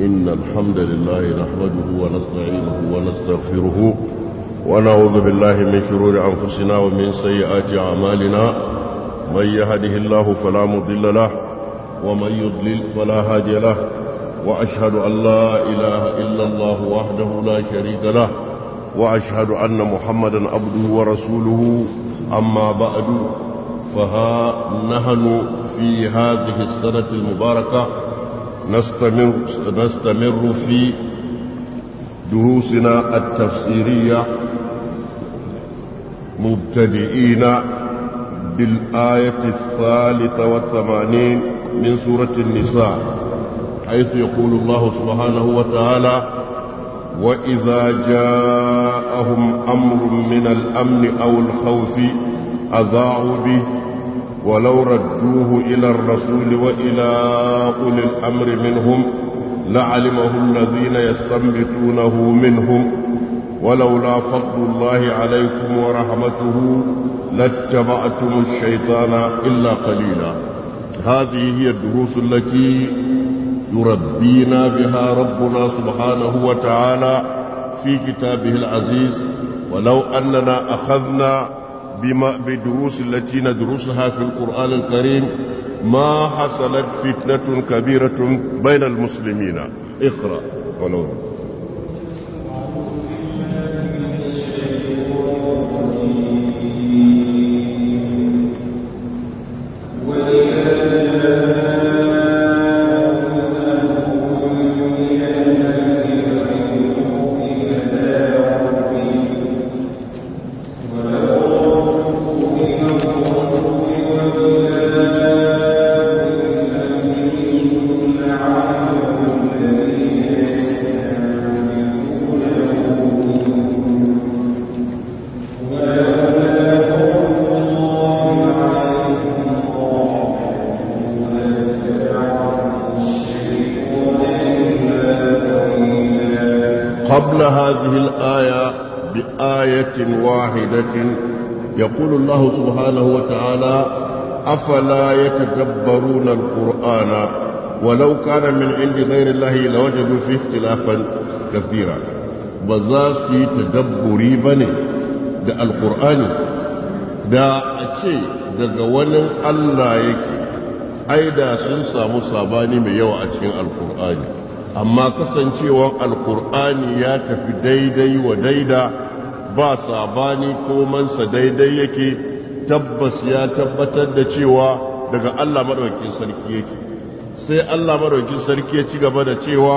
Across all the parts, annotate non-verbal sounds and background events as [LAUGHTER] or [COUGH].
إن الحمد لله نحمده ونستعينه ونستغفره ونعوذ بالله من شرور أنفسنا ومن سيئات أعمالنا من يهده الله فلا مضل له ومن يضلل فلا هادي له وأشهد أن لا إله إلا الله وحده لا شريك له وأشهد أن محمدا عبده ورسوله أما بعد فها نهن في هذه السنة المباركة نستمر, نستمر في دروسنا التفسيرية مبتدئين بالآية الثالثة والثمانين من سورة النساء حيث يقول الله سبحانه وتعالى وإذا جاءهم أمر من الأمن أو الخوف أذاعوا به ولو ردوه إلى الرسول وإلى أولي الأمر منهم لعلمه الذين يستنبتونه منهم ولولا فضل الله عليكم ورحمته لاتبعتم الشيطان إلا قليلا هذه هي الدروس التي يربينا بها ربنا سبحانه وتعالى في كتابه العزيز ولو أننا أخذنا بما بدروس التي ندرسها في القرآن الكريم ما حصلت فتنة كبيرة بين المسلمين اقرأ ولو هذه الآية بآية واحدة يقول الله سبحانه وتعالى أفلا يتدبرون القرآن ولو كان من عند غير الله لوجدوا فيه اختلافا كثيرا بزاس في تدبري بني ده القرآن ده أتشي ده قوان الله يكي أيضا سنسى مصاباني من يوع القرآن amma kasancewan alkur'ani ya tafi daidai wa daida ba sabani komansa daidai yake tabbas ya tabbatar da cewa daga Allah maɗaukin sarki yake sai Allah maɗaukin sarki ya ci gaba da cewa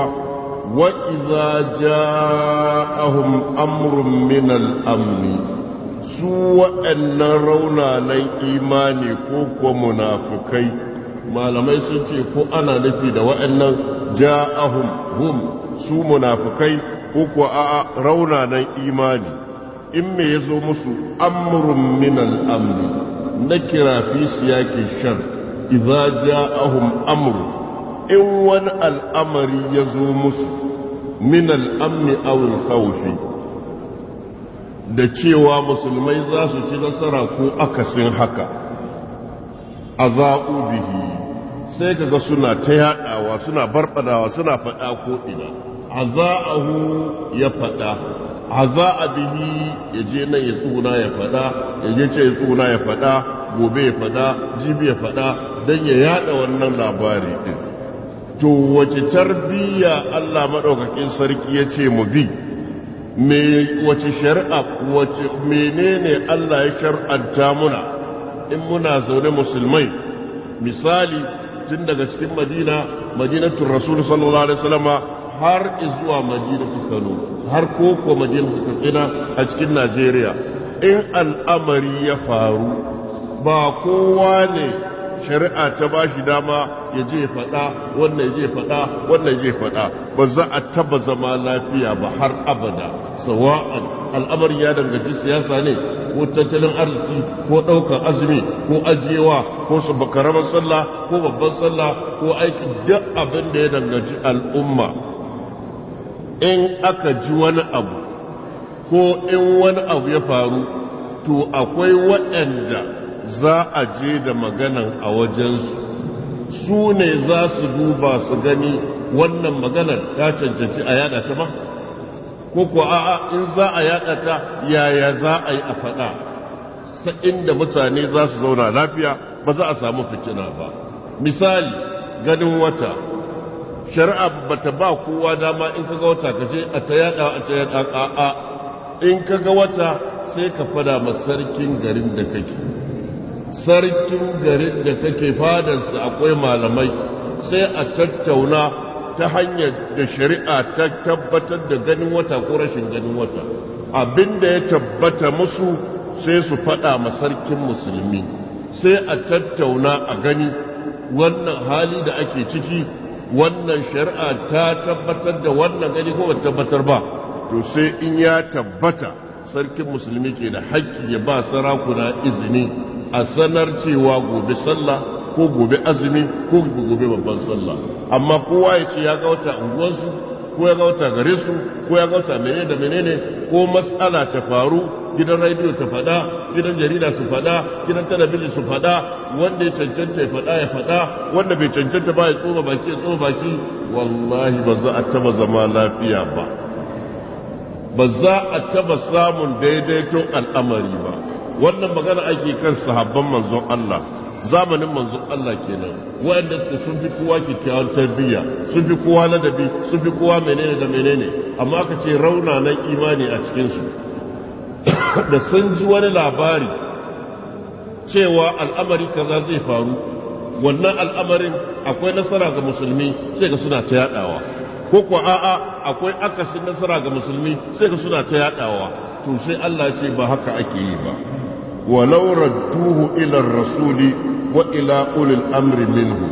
wa iza ja'ahum amrun min al amn su wa'yannan raunanan imani ko kuwa munafukai malamai sun ce ko ana nufi da wa'annan ja'ahum hum su munafikai ko kuwa a raunanan imani in me yazo musu amrun min al'amri na kira fi siyakin shar idza ja'ahum amru in wani al'amari yazo zo musu min al'amni aw al da cewa musulmai za su ci nasara ko akasin haka a bihi sai kaga suna ta yaɗawa suna barbadawa suna faɗa ko ina aza'ahu ya faɗa aza'a bihi ya je nan ya tsuna ya faɗa ya je ce ya tsuna ya faɗa gobe ya faɗa jibi ya faɗa don ya yaɗa wannan labari ɗin to wace tarbiyya Allah maɗaukakin sarki ya ce mu bi me wace shari'a wace menene Allah ya shar'anta muna in muna zaune musulmai misali tun daga cikin madina madinatu rasul sallallahu alaihi wasallam har zuwa madinatu kano har koko madinatu kano a cikin najeriya in al'amari ya faru ba kowa ne shari'a ta ba shi dama ya je faɗa wannan ya je faɗa wannan ya je faɗa ba za a taba zama lafiya ba har abada sawa'an al'amari ya danganci siyasa ne ko tattalin arziki ko ɗaukar azumi ko ajiyewa ko su bakaraman sallah ko babban sallah ko aiki duk abin da ya danganci al'umma in aka ji wani abu ko in wani abu ya faru to akwai waɗanda za a je da maganan a wajensu su ne za su duba su gani wannan maganar ta cancanci a yada ta ba ko ko a'a in za a yada ta yaya za a yi a faɗa sa'in da mutane za su zauna lafiya ba za a samu fikina ba misali ganin wata shari'a ba ta ba kowa dama in ka ga wata ka ce a ta yada a ta yada a'a in ka ga wata sai ka fada ma sarkin garin da kake sarkin garin da take fadarsa akwai malamai sai a tattauna ta hanyar da shari'a ta tabbatar da ganin wata ko rashin ganin wata abinda ya tabbata musu sai su faɗa ma sarkin musulmi sai a tattauna a gani wannan hali da ake ciki wannan shari'a ta tabbatar da wannan gani ko bata tabbatar ba to sai in ya tabbata sarkin musulmi ke da haƙƙi ya ba sarakuna izini a sanar cewa gobe sallah ko gobe azumi ko gobe babban sallah amma kowa ya ce ya ga unguwarsu ko ya ga gare su ko ya ga wata menene da menene ko matsala ta faru gidan rediyo ta faɗa gidan jarida su faɗa gidan talabijin su faɗa wanda ya cancanta ya faɗa ya faɗa wanda bai cancanta ba ya tsoma baki ya tsoma baki wallahi ba za a taba zama lafiya ba ba za a taba samun daidaiton al'amari ba wannan magana ake kan sahabban manzon Allah zamanin manzon Allah kenan wanda su sun fi kowa kyakkyawan tarbiyya sun fi kowa ladabi sun fi kowa menene da menene amma aka ce na imani a cikinsu [COUGHS] da sun ji wani labari cewa al'amari kaza zai faru wannan al'amarin akwai nasara ga musulmi sai ga suna ta yadawa ko kuwa a'a akwai akasin nasara ga musulmi sai ga suna ta yadawa to sai Allah ce ba haka ake yi ba ولو ردوه الى rasuli wa ila ulil amri minhu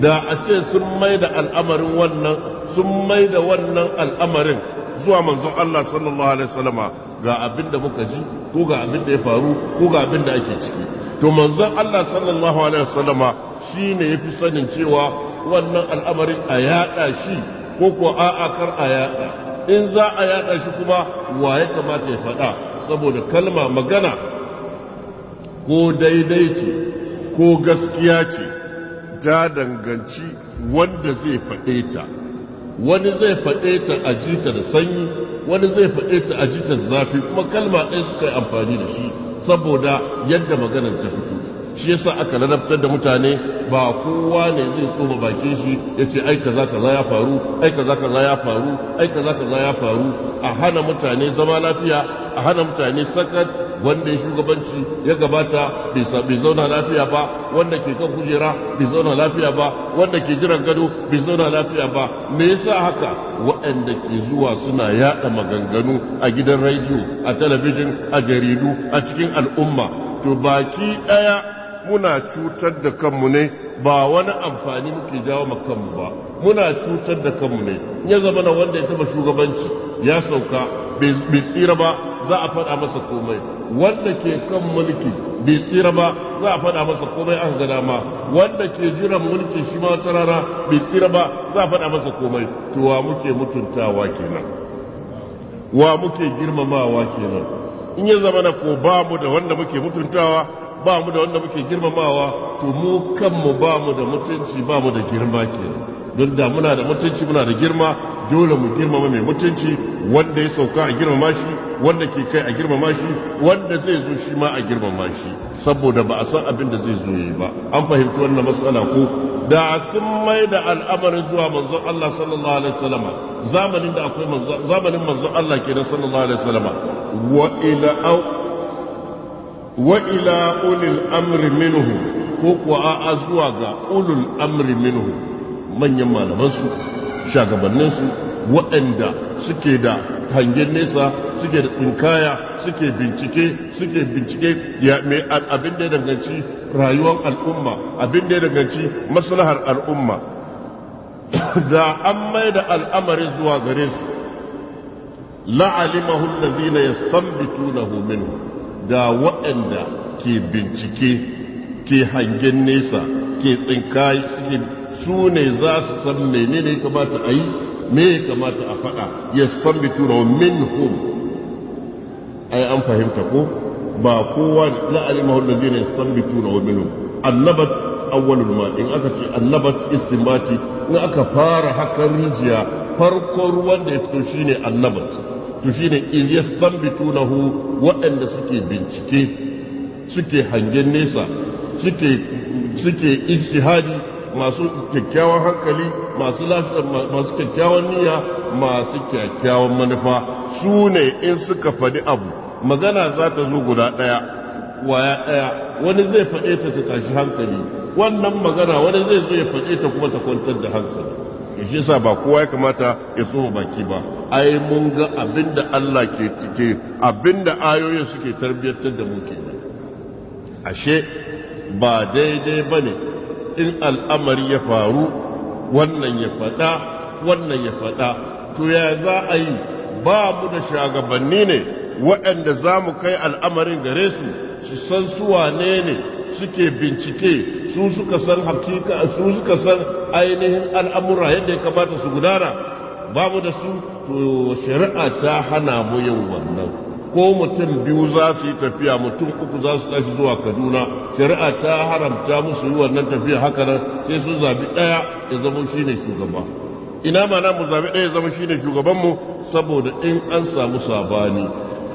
da a ce sun mai da al'amarin wannan sun mai da wannan al'amarin zuwa manzon Allah sallallahu alaihi wasallama ga abin da muka ji ko ga abin da ya faru ko ga abin da ake ciki to manzon Allah sallallahu alaihi wasallama shine yafi sanin cewa wannan al'amarin a yada shi ko ko a'a kar a yada in za a yada shi kuma wa ya kamata ya faɗa saboda kalma magana ko daidai ce ko gaskiya ce ta danganci wanda zai faɗe ta wani zai faɗe ta a jita da sanyi wani zai faɗe ta a jita da zafi kuma kalma ɗaya suka yi amfani da shi saboda yadda maganar ta fito shi yasa aka ladabtar da mutane ba kowa ne zai tsoma bakin shi ya ce ai kaza kaza ya faru ai kaza kaza ya faru ai kaza kaza ya faru a hana mutane zama lafiya a hana mutane sakat wanda ya shugabanci ya gabata bai zauna lafiya ba wanda ke kan kujera bai zauna lafiya ba wanda ke jiran gado bai zauna lafiya ba me yasa haka waɗanda ke zuwa suna yaɗa maganganu a gidan rediyo a talabijin a jaridu a cikin al'umma to baki ɗaya muna cutar da kanmu ne ba wani amfani muke jawo ma kanmu ba muna cutar da kanmu ne ya zama na wanda ya taba shugabanci ya sauka bai tsira ba za a faɗa masa komai wanda ke kan mulki bai tsira ba za a faɗa masa komai an ga dama wanda ke jiran mulki shi ma wata rana bai tsira ba za a faɗa masa komai to wa muke mutuntawa kenan wa muke girmamawa kenan in ya zama na ko ba mu da wanda muke mutuntawa ba mu da wanda muke girmamawa to mu kanmu ba mu da mutunci ba mu da girma kenan don da muna da mutunci muna da girma dole mu girmama mai mutunci wanda ya sauka a girmama shi wanda ke kai a girmama shi wanda zai zo shi ma a girmama shi saboda ba a san abin da zai zo yi ba an fahimci wannan matsala ko da sun mai da al'amarin zuwa manzon Allah sallallahu alaihi wasallam zamanin da akwai zamanin manzon Allah kenan sallallahu alaihi wasallam wa ila wa ila ulil amri minhu ko kuwa a'a zuwa ga ulul amri minhu manyan malaman su shagabannin su waɗanda suke da hangen nesa suke da tsinkaya suke bincike suke bincike mai abin da ya danganci rayuwar al'umma abin da ya danganci maslahar al'umma [COUGHS] da an mai da al'amari zuwa gare su ya allazina tuna homin, da waɗanda ke bincike ke hangen nesa ke tsinkayi suke su ne za su san menene kamata a yi me ya kamata a faɗa ya sambitu min minhum ai an fahimta ko ba kowa la alimahu tura wa min minhum annabat awwalul ma in aka ce annabat istimbati in aka fara hakan rijiya farkon ruwan da ya fito shine annabat to shine in ya hu waɗanda suke bincike suke hangen nesa suke suke ijtihadi masu kyakkyawan hankali masu masu kyakkyawan niyya masu kyakkyawan manufa su ne in suka faɗi abu magana za ta zo guda ɗaya waya ɗaya wani zai faɗe ta ta tashi hankali wannan magana wani zai zo ya faɗe ta kuma ta kwantar da hankali to shi yasa ba kowa ya kamata ya tsoma baki ba ai mun ga abinda Allah ke tike abinda ayoyin suke tarbiyyantar da mu ke ashe ba daidai bane in al'amari ya faru wannan ya faɗa wannan ya faɗa to ya za a yi ba mu da shagabanni ne waɗanda za mu kai al'amarin gare su su san suwa ne ne suke bincike su suka san hakika su suka san ainihin al'amura yadda ya kamata su gudana ba mu da su to shari'a ta hana mu yin wannan ko mutum biyu za su yi tafiya mutum uku za su tashi zuwa kaduna shari'a ta haramta musu yi wannan tafiya haka nan sai sun zabi ɗaya ya zama shi ne shugaba ina mana mu zabi ɗaya ya zama shi ne shugabanmu saboda in an samu sabani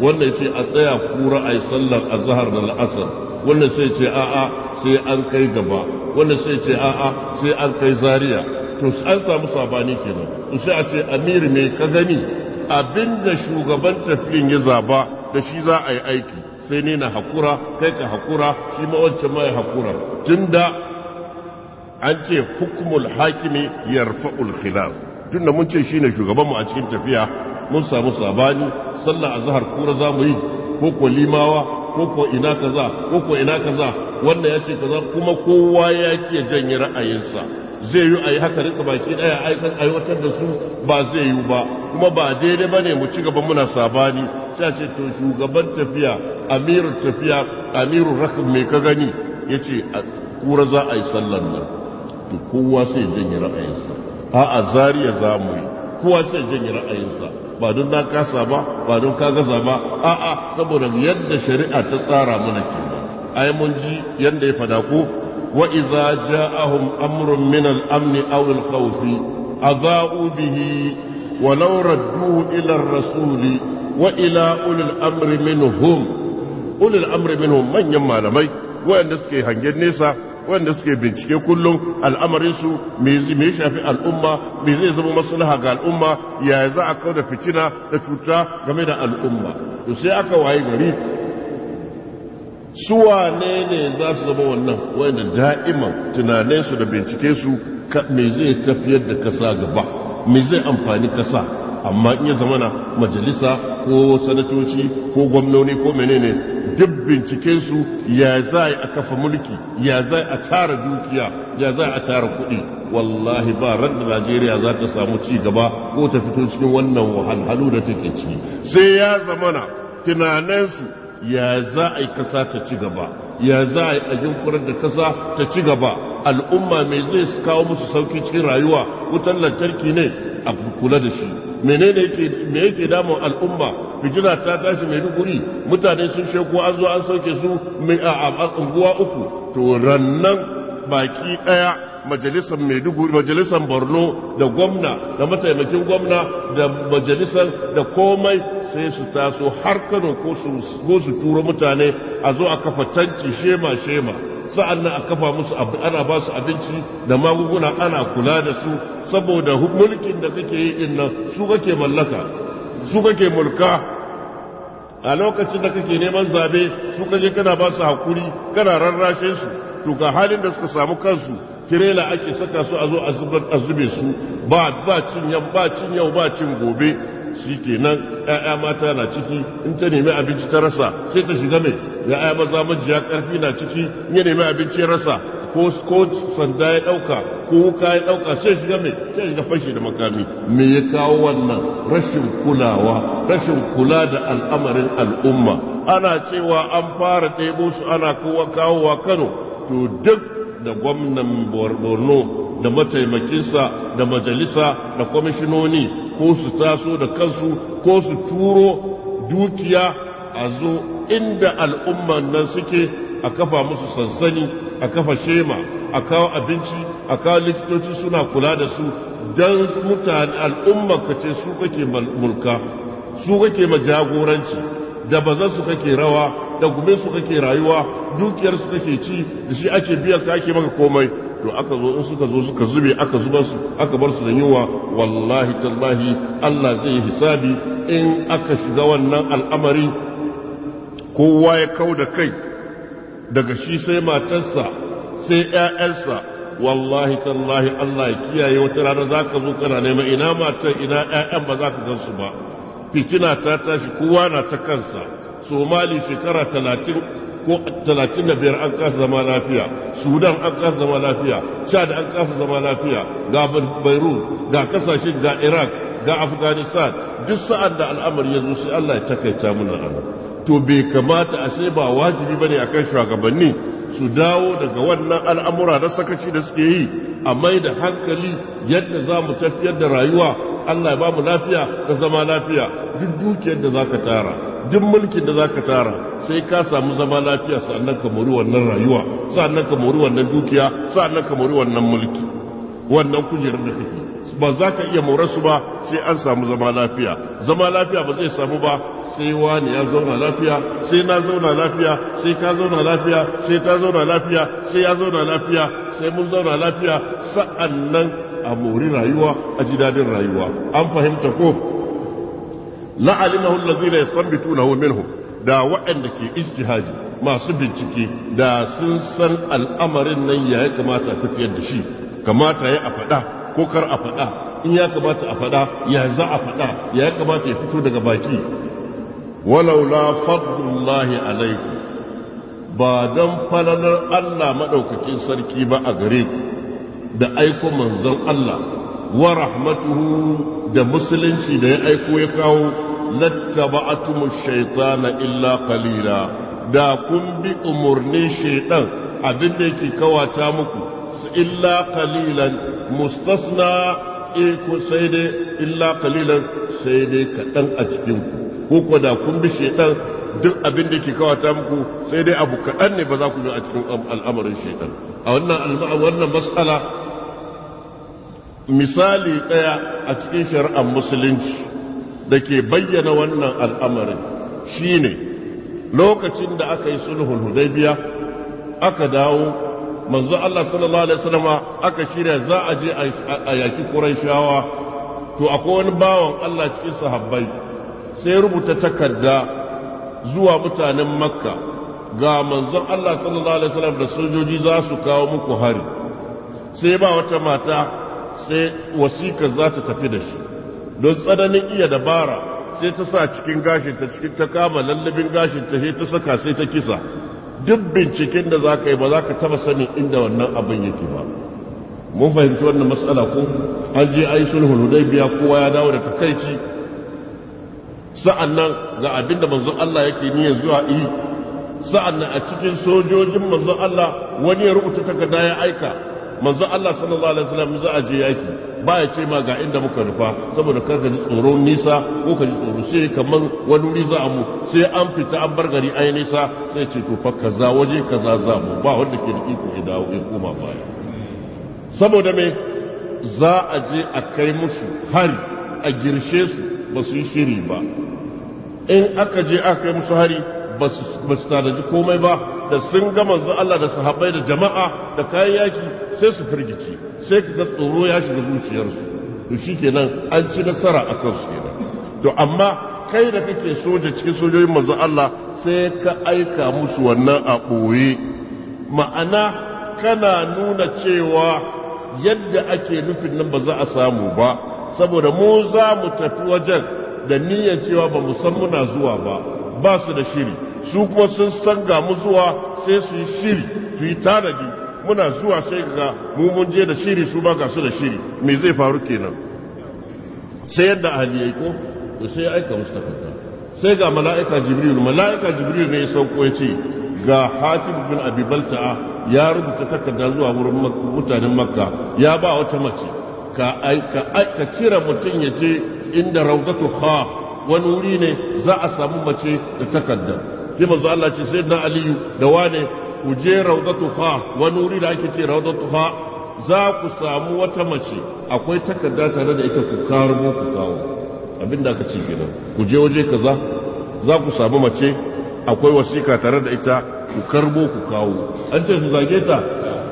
wannan ce a tsaya kura a yi sallar azahar da la'asar wannan sai ce a'a sai an kai gaba wannan sai ce a'a sai an kai Zariya, to an samu sabani kenan to sai a ce amir me ka gani abinda shugaban tafiyin ya zaba da shi za a yi aiki sai ne na hakura kai ka hakura shi ma wancan ma ya hakura tunda an ce hukumul hakimi yarfa'ul khilaf tunda mun ce shine shugaban mu a cikin tafiya mun samu sabani sallah azhar kura za mu yi ko ko limawa ko ko ina kaza ko ko ina kaza wannan ya ce kaza kuma kowa ya ke janye ra'ayinsa zai yi a yi haka rika baki daya aiwatar da su ba zai yi ba kuma ba daidai ba ne mu ci gaba muna sabani ta ce to shugaban tafiya amirun tafiya amirun rakin mai ka gani ya ce a kura za a yi sallan nan to kowa sai janye ra'ayinsa a'a zariya za mu yi kowa sai janye ra'ayinsa ba don na kasa ba ba don ka gaza ba a'a saboda yadda shari'a ta tsara mana kenan ai mun ji yadda ya fada ko وإذا جاءهم أمر من الأمن أو الخوف أضاءوا به ولو ردوه إلى الرسول وإلى أولي الأمر منهم أولي الأمر منهم من يما لمي وأن نسكي هنجد نيسا وأن نسكي بنتشكي كلهم الأمر يسو ميشا في الأمة ميزي زمو مصلحة قال الأمة يا إذا أكون فتنة تشوتا جميل الأمة يسيأك وعي غريب su wane ne za su zama wannan wanda da'iman tunaninsu da bincike su me zai tafiyar da kasa gaba me zai amfani kasa amma in ya zamana majalisa ko sanatoci ko gwamnoni ko menene duk bincikensu ya zai a kafa mulki ya zai a tara dukiya ya zai a tara kuɗi wallahi ba ran da najeriya za ta samu ci gaba ko ta fito cikin wannan wahalhalu da take ciki sai ya zamana tunaninsu ya za a yi kasa ta ci gaba ya za a yi a yunkurar da kasa ta ci gaba al'umma mai zai kawo musu sauki cikin rayuwa wutar lantarki ne a kula da shi menene yake me yake damun al'umma bijira ta tashi mai duguri mutane sun sheko an zo an sauke su mai a unguwa uku to rannan baki daya majalisar Maiduguri majalisar Borno da gwamna da mataimakin gwamna da majalisar da komai sai su taso har kano ko su turo mutane a zo a kafa tanki shema shema sa'an nan a kafa musu ana ba su abinci da magunguna ana kula da su saboda mulkin da kake yi in nan su kake mallaka su kake mulka a lokacin da kake neman zabe su kaje kana ba su hakuri kana rarrashe su to ga halin da suka samu kansu tirela ake saka su a zo a zube su ba cin yau ba cin gobe shi kenan ‘ya'ya mata na ciki in ta nemi abinci ta rasa sai ta shiga mai ‘ya'ya maza majiya ƙarfi na ciki in ya nemi abinci ya rasa ko sanda ya ɗauka ko wuka ya ɗauka sai shiga mai sai shiga fashi da makami me ya kawo wannan rashin kulawa rashin kula da al'amarin al'umma ana cewa an fara ɗebo su ana kowa kawowa kano to duk da gwamnan borno da mataimakinsa da majalisa da kwamishinoni ko su taso da kansu ko su turo dukiya a zo inda al'umman nan suke a kafa musu sansani a kafa shema a kawo abinci a kawo likitoci suna kula da su don mutane al'umma ka ce su kake mulka su kake majagoranci da bazan su kake rawa da gumin su kake rayuwa dukiyar su kake ci da shi ake biyan ka ake maka komai to aka zo in suka zo suka zube aka zuba su aka bar su da yunwa wallahi tallahi Allah zai hisabi in aka shiga wannan al'amari kowa ya kau da kai daga shi sai matarsa sai ‘ya'yansa wallahi tallahi Allah ya kiyaye wata rana za ka zo kana nema ina matar ina ‘ya'yan ba za ka gan su ba fitina ta tashi kowa na ta kansa somali shekara talatin ko talatin da biyar an kasa zama lafiya sudan an kasa zama lafiya chad an kasa zama lafiya ga beirut ga kasashen ga iraq ga afghanistan duk sa'an da al'amari ya zo sai allah ya takaita mana to bai kamata a ce ba wajibi bane akan shugabanni su dawo daga wannan al'amura na sakaci da suke yi a mai da hankali yadda za mu tafiyar da rayuwa Allah bamu ba mu lafiya da zama lafiya duk dukiyar da za ka tara duk mulkin da za ka tara sai ka samu zama lafiya sa'annan ka mori wannan rayuwa sa'annan ka mori wannan dukiya sa'annan ka mori wannan mulki wannan kujerar da kake ba za ka iya su ba sai an samu zama lafiya zama lafiya ba zai samu ba sai wani ya zauna lafiya sai na zauna lafiya sai ka zauna lafiya sai ta zauna lafiya sai ya zauna lafiya sai mun zauna lafiya sa'an nan a mori rayuwa a ji dadin rayuwa an fahimta ko la'alimahu allazina yastanbitunahu minhu da waɗanda ke ijtihadi masu bincike da sun san al'amarin nan ya kamata tafiyar da shi kamata ya a faɗa ko kar a faɗa in ya kamata a faɗa ya za a faɗa ya kamata ya fito daga baki walaula fadlullahi alaikum ba dan falalar Allah maɗaukakin sarki ba a gare ku da aiko manzon Allah wa rahmatuhu da musulunci da ya aiko ya kawo lattaba'atumu shaitana illa qalila da kun bi umarnin shaytan abin da yake kawata muku illa qalilan mustasna ikun sai dai illa kalilan sai dai kaɗan a cikinku ko kuwa da kun bi shaidan duk abin da ke kawata muku sai dai abu kaɗan ne ba za ku zo a cikin al'amarin shaidan a wannan wannan matsala misali ɗaya a cikin shari'ar musulunci da ke bayyana wannan al'amarin shine lokacin da aka yi sulhul hudaybiya aka dawo manzo Allah sallallahu alaihi wasallama aka shirya za a je a yaki Qurayshawa to akwai wani bawan Allah cikin sahabbai sai rubuta takarda zuwa mutanen Makka ga manzo Allah sallallahu alaihi wasallam da sojoji za su kawo muku hari sai ba wata mata sai wasikar za ta tafi da shi don tsananin iya dabara sai ta sa cikin gashin ta cikin ta kama lallabin gashin ta ta saka sai ta kisa duk binciken da za ka yi ba za ka taba sanin inda wannan abin yake ba mun fahimci wannan matsala ko an je a yi sulhul hudaibiya kowa ya dawo da takaici sa'annan ga abin da manzon Allah yake niyya zuwa yi sa'annan a cikin sojojin manzon Allah wani ya rubuta takarda ya aika manzo Allah sallallahu alaihi wasallam za a je yaki ba ya ce ma ga inda muka rufa saboda kar ka ji tsoron nisa ko ka ji tsoro sai kamar wani wuri za mu sai an fita an bar gari ai nisa sai ce to fa kaza waje kaza za mu ba wanda ke da iko ya dawo kuma koma baya saboda me za a je a kai musu hari a girshe su ba su yi shiri ba in aka je aka kai musu hari ba su tanaji komai ba da sun ga manzo Allah da sahabbai da jama'a da kayan yaki sai su firgici sai ga tsoro ya shiga zuciyarsu to shikenan an ci nasara a su kenan to amma kai da kake soja cikin sojojin manzo Allah sai ka aika musu wannan a ɓoye ma'ana kana nuna cewa yadda ake nufin nan ba za a samu ba saboda mu za mu tafi wajen da niyyar cewa ba mu san muna zuwa ba ba su da shiri su kuma sun san ga mu zuwa sai su yi shiri su yi tanadi muna zuwa sai ga mu mun je da shiri su ba ga su da shiri me zai faru kenan sai yadda ahli yayi ko to sai aika musu takarda sai ga mala'ika jibril mala'ika jibril ne ya sauko ya ce ga hatim bin abi ya rubuta takarda zuwa wurin mutanen makka ya ba wata mace ka aika cire mutum ya je inda rawdatu kha wani wuri ne za a samu mace da takarda sai manzo Allah ce sai na aliyu da wane ku je rawdatu fa wani wuri da ake ce rawdatu fa za ku samu wata mace akwai takarda tare da ita ku karbo ku kawo abinda aka ce kenan ku je waje kaza za ku samu mace akwai wasika tare da ita ku karbo ku kawo an ce su zage ta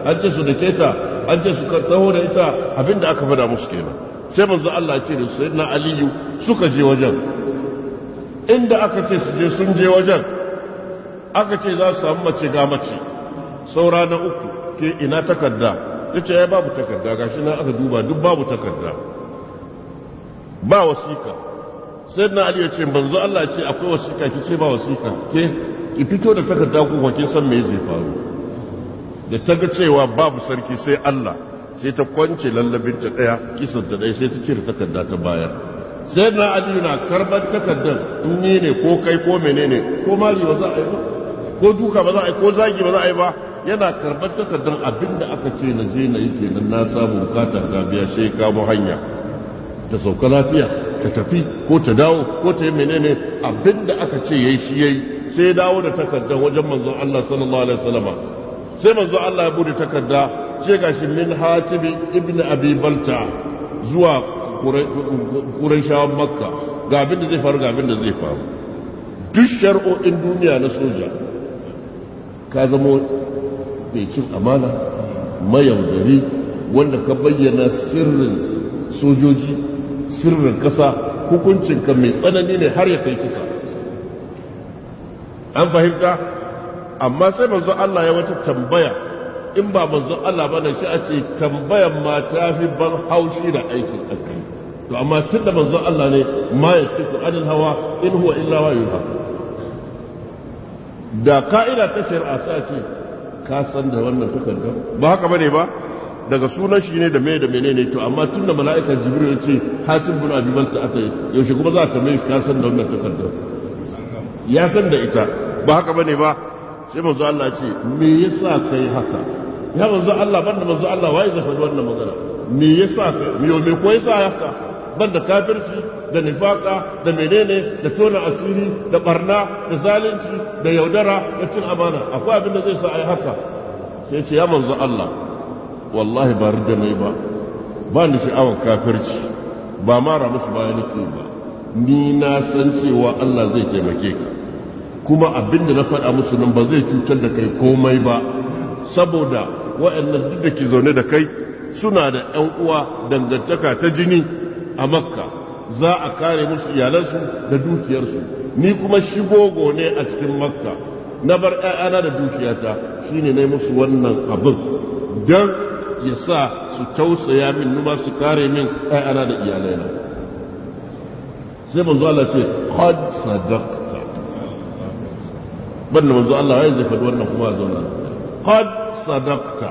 an ce su dake ta an ce su taho da ita abinda aka fada musu kenan sai manzo Allah ya ce da sayyidina Aliyu suka je wajen inda aka ce su je sun je wajen aka ce za su samu mace ga mace saura na uku ke ina takarda ya ce ya babu takarda gashi na aka duba duk babu takarda ba wasika sai na ali ce banzu Allah ce akwai wasika ki ce ba wasika ke ki fito da takarda ko kin san me zai faru da ta ga cewa babu sarki sai Allah sai ta kwance lallabin ta daya kisan ta daya sai ta cire takarda ta bayar sai na na karbar takardar in ne ne ko kai ko menene ko mali ba za a yi ba ko duka ba za a yi ko zagi ba za a yi ba yana karbar takardar abin da aka ce na je na yi kenan na samu bukatar biya shai kamo hanya ta sauka lafiya ta tafi ko ta dawo ko ta yi menene abin da aka ce yayi shi yayi sai dawo da takardar wajen manzon Allah sallallahu alaihi sai manzon Allah ya bude takarda ce gashi min hatibi ibn abi balta zuwa kuran shawar makka ga abin da zai faru ga abin da zai faru duk shari'o'in duniya na soja ka zama mai cin amana mayaudari wanda ka bayyana sirrin sojoji sirrin kasa hukuncinka mai tsanani ne har ya kai kisa an fahimta amma sai manzo Allah ya wata tambaya in ba manzo Allah ba na shi a ce tambayan ma fi ban haushi da aikin alkhairi to amma tun da manzon Allah ne ma ya ce qur'anul hawa in huwa illa wa yuha da ka'ida ta shari'a sa ce ka san da wannan takardar ba haka bane ba daga sunan shi ne da me da menene to amma tun da mala'ikar jibril ya ce hatim bin abi ta aka yi yaushe kuma za ta mai ka san da wannan takardar ya san da ita ba haka bane ba sai manzo Allah ya ce me yasa kai haka ya manzo Allah banda manzo Allah wai zafa wannan magana me yasa me ko yasa haka banda kafirci da nifaka da menene da tona asiri da barna da zalunci da yaudara da cin amana akwai abin da zai sa ai haka sai ce ya manzo Allah wallahi ba rida mai ba ba ni sha'awar kafirci ba mara musu baya nake ba ni na san cewa Allah zai taimake ka kuma abin da na faɗa musu nan ba zai cutar da kai komai ba saboda wa'annan duk da ke zaune da kai suna da ‘yan uwa dangantaka ta jini a makka za a kare musu iyalansu da dukiyarsu ni kuma shigogo ne a cikin makka na bar ‘ya'yana da dukiyata shi ne musu wannan abin don ya sa su tausaya min numa su kare min ‘ya'yana da iyalaina sai manzo Allah ce qad sadaqta banda manzo Allah ya zai faɗi wannan kuma a zauna qad sadaqta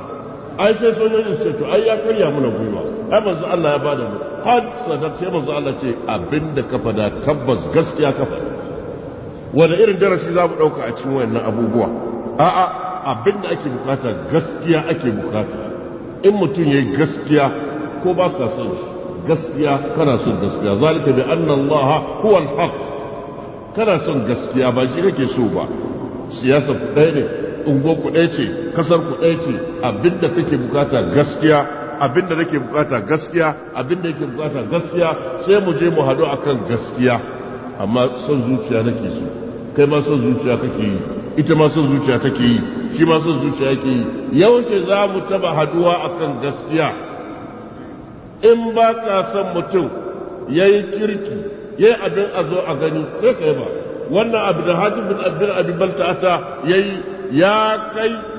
ai sai sojojin su ce to ai ya karya mana gwiwa ai manzo Allah ya bada mu qad sadaqta ce manzo Allah ce abinda ka fada tabbas gaskiya ka fada wanda irin darasi za mu dauka a cikin wayannan abubuwa a'a abinda ake bukata gaskiya ake bukata in mutum yayi gaskiya ko ba ka son gaskiya kana son gaskiya zalika bi anna Allah huwa al-haq kana son gaskiya ba shi kake so ba siyasa ku ɗaya ne ungo ku ɗaya ce kasar ku ɗaya ce abinda kake bukata gaskiya abin da nake bukata gaskiya abin da yake bukata gaskiya sai mu je mu hadu akan gaskiya amma son zuciya nake so kai ma son zuciya kake yi ita ma son zuciya take yi shi ma son zuciya yake yi yawanci za mu taba haduwa akan gaskiya in ba ka son mutum ya yi kirki ya yi abin a zo a gani sai kai ba wannan abin da hajji bin abdul abin balta ya yi ya kai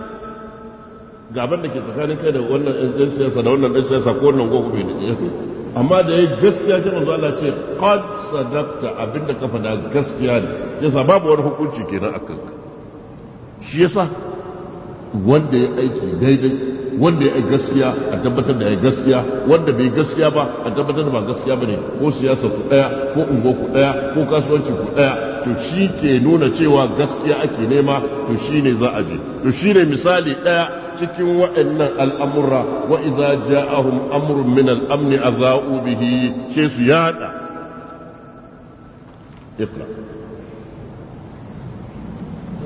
gaban da ke tsakanin kai da wannan ɗan siyasa da wannan ɗan siyasa ko wannan goku bai da amma da ya gaskiya ce manzo Allah ce qad sadaqta abinda ka faɗa gaskiya ne yasa babu wani hukunci kenan akan ka shi yasa wanda ya aiki daidai wanda ya gaskiya a tabbatar da ya gaskiya wanda bai gaskiya ba a tabbatar da ba gaskiya bane ko siyasa ku daya ko ungo ku daya ko kasuwanci ku daya to shi ke nuna cewa gaskiya ake nema to shine za a je to shine misali daya cikin waɗannan al'amura wa iza ja'ahum amrun min al'amni a za'u bihi ke su yada اطلع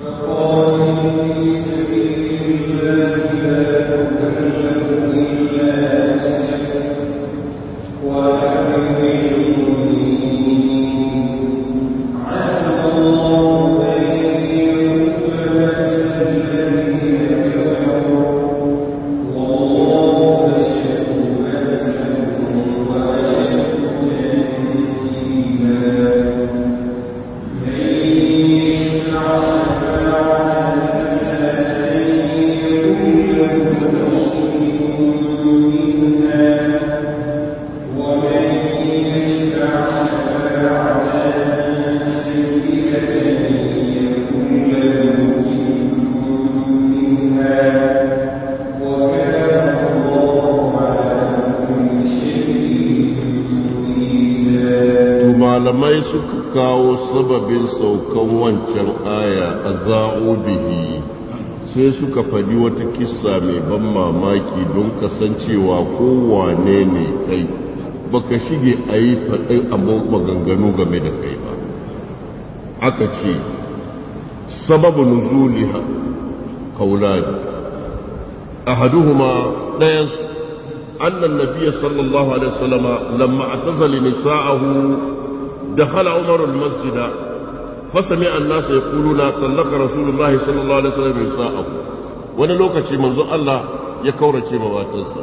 فقال سبيل الله sai suka faɗi wata kisa mai ban mamaki don kasancewa kowane ne kai baka shige a yi faɗin abin maganganu game da kai ba aka ce sababu A kaulani ahaduhuma ɗayansu annan nabiya sallallahu alaihi wasallama lamma a tazali nisa'ahu da hala umarul masjida فسمع الناس يقولون طلق رسول sallallahu alaihi wasallam عليه sa abu wani lokaci manzon Allah ya kaurace ma matansa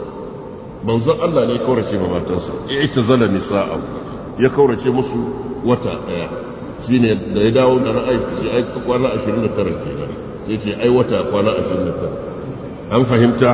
manzon Allah ne ya kaurace ma matansa ya ita zala abu ya kaurace musu wata daya shine da ya dawo da ra'ayi shi ai kwana 29 kenan sai ce ai wata kwana 29 an fahimta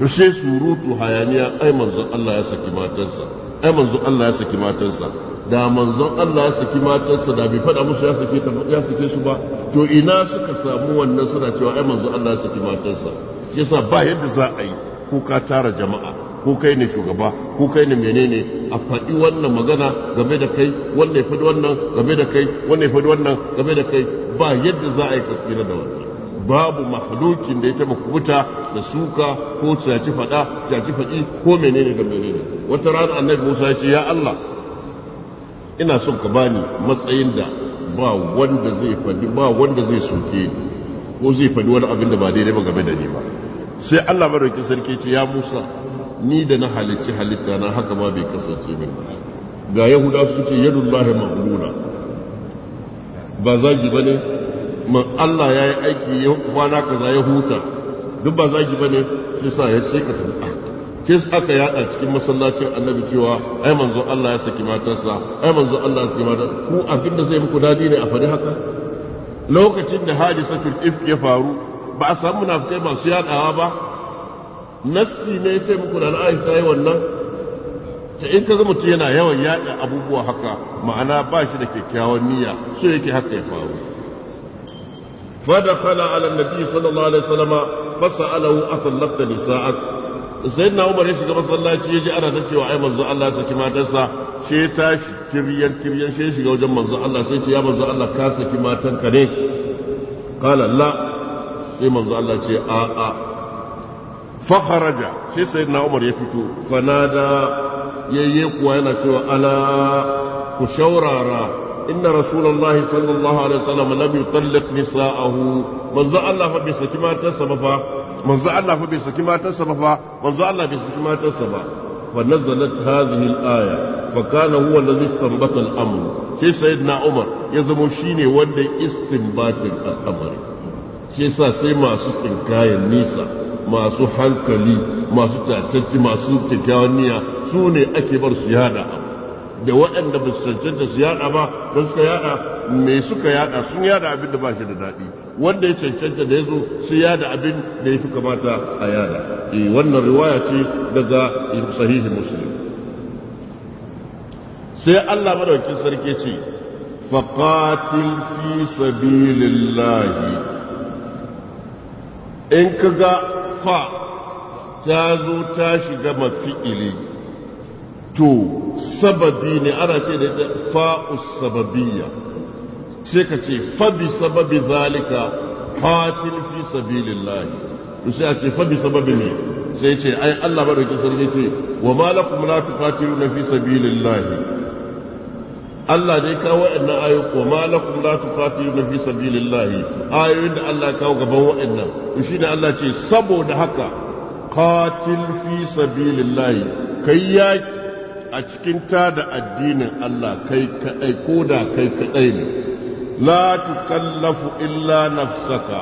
to sai surutu hayaniya ai manzon Allah ya saki matansa ai manzon Allah ya saki matansa da manzon Allah ya saki matansa da bai faɗa musu ya sake ya saki su ba to ina suka samu wannan suna cewa ai manzon Allah ya saki matansa yasa ba yadda za a yi ko ka tara jama'a ko kai ne shugaba ko kai ne menene a faɗi wannan magana game da kai wanda ya faɗi wannan game da kai wanda ya faɗi wannan game da kai ba yadda za a yi tasira da wannan babu mahalukin da ya taba kubuta da suka ko caci fada caci fadi ko menene da menene wata rana annabi Musa ya ce ya Allah ina son ka bani matsayin da ba wanda zai fadi ba wanda zai soke ko zai fadi wani abin da ba daidai ba game da ni ba sai Allah madaukakin sarki ce ya Musa ni da na halicci halitta na haka ma bai kasance ba ga yahuda su ce yadullahi ma'luna ba zagi bane Allah ya yi aiki ya kwana za ya huta duk ba za ba ne shi sa ya ce ka tafi shi aka yada cikin masallacin annabi cewa ai manzo Allah ya saki matarsa ai manzo Allah ya saki matarsa ku abin da zai muku dadi ne a fari haka lokacin da hadisatul if ya faru ba a samu munafikai masu yadawa ba nassi ne ya ce muku da Aisha yi wannan ta in ka zama yana yawan yada abubuwa haka ma'ana ba shi da kyakkyawan niyya so yake haka ya faru فدخل على النبي صلى الله عليه وسلم فسأله أطلقت نساءك سيدنا عمر ya shiga masallaci ya ji ana ta cewa ai manzo Allah ya saki matarsa ce ya tashi kiryan kiryan shi ya shiga wajen manzo Allah sai ce ya manzo Allah ka saki matanka ne qala sai manzo Allah ce a a fa kharaja sai sayyidina Umar ya fito fanada yayye kuwa yana cewa ala ku shaurara inna rasulullahi sallallahu alaihi wasallam lam yutalliq nisa'ahu manzo Allah fa bai saki matarsa ba fa manzo Allah fa bai saki matarsa ba fa manzo Allah bai saki matarsa ba huwa هذه الآية فكان هو الذي استنبط الأمر ya سيدنا عمر يزمو شيني ولي استنباط الأمر شي سي masu تنكاية nisa, masu hankali masu tatacci masu kyakkyawan niyya su ne ake bar su yada da waɗanda ba su cancanta su yada ba don suka yada mai suka yada sun yada abin da ba shi da daɗi wanda ya cancanta da ya zo su yada abin da ya fi kamata a yada eh, wannan riwaya ce daga sahihi Musulmi. sai Allah madaukakin sarki ce faqatil fi sabilillahi in ka ga fa ta zo ta shiga mafi mafi'ili to sababi ne ana ce da ita fa'us sababiyya sai ka ce fabi sababi zalika qatil fi sabilillah to sai a ce fabi sababi ne sai ce ai Allah madaukakin sarki ce wa malakum la tuqatilu fi sabilillah Allah dai kawo waɗannan ayoyi ko malakum la tuqatilu fi sabilillah ayoyin da Allah kawo gaban waɗannan to shine Allah ce saboda haka qatil fi sabilillah kai yaki a cikin tada addinin Allah kai kaɗai ko da kai kaɗai ne la tukallafu illa nafsaka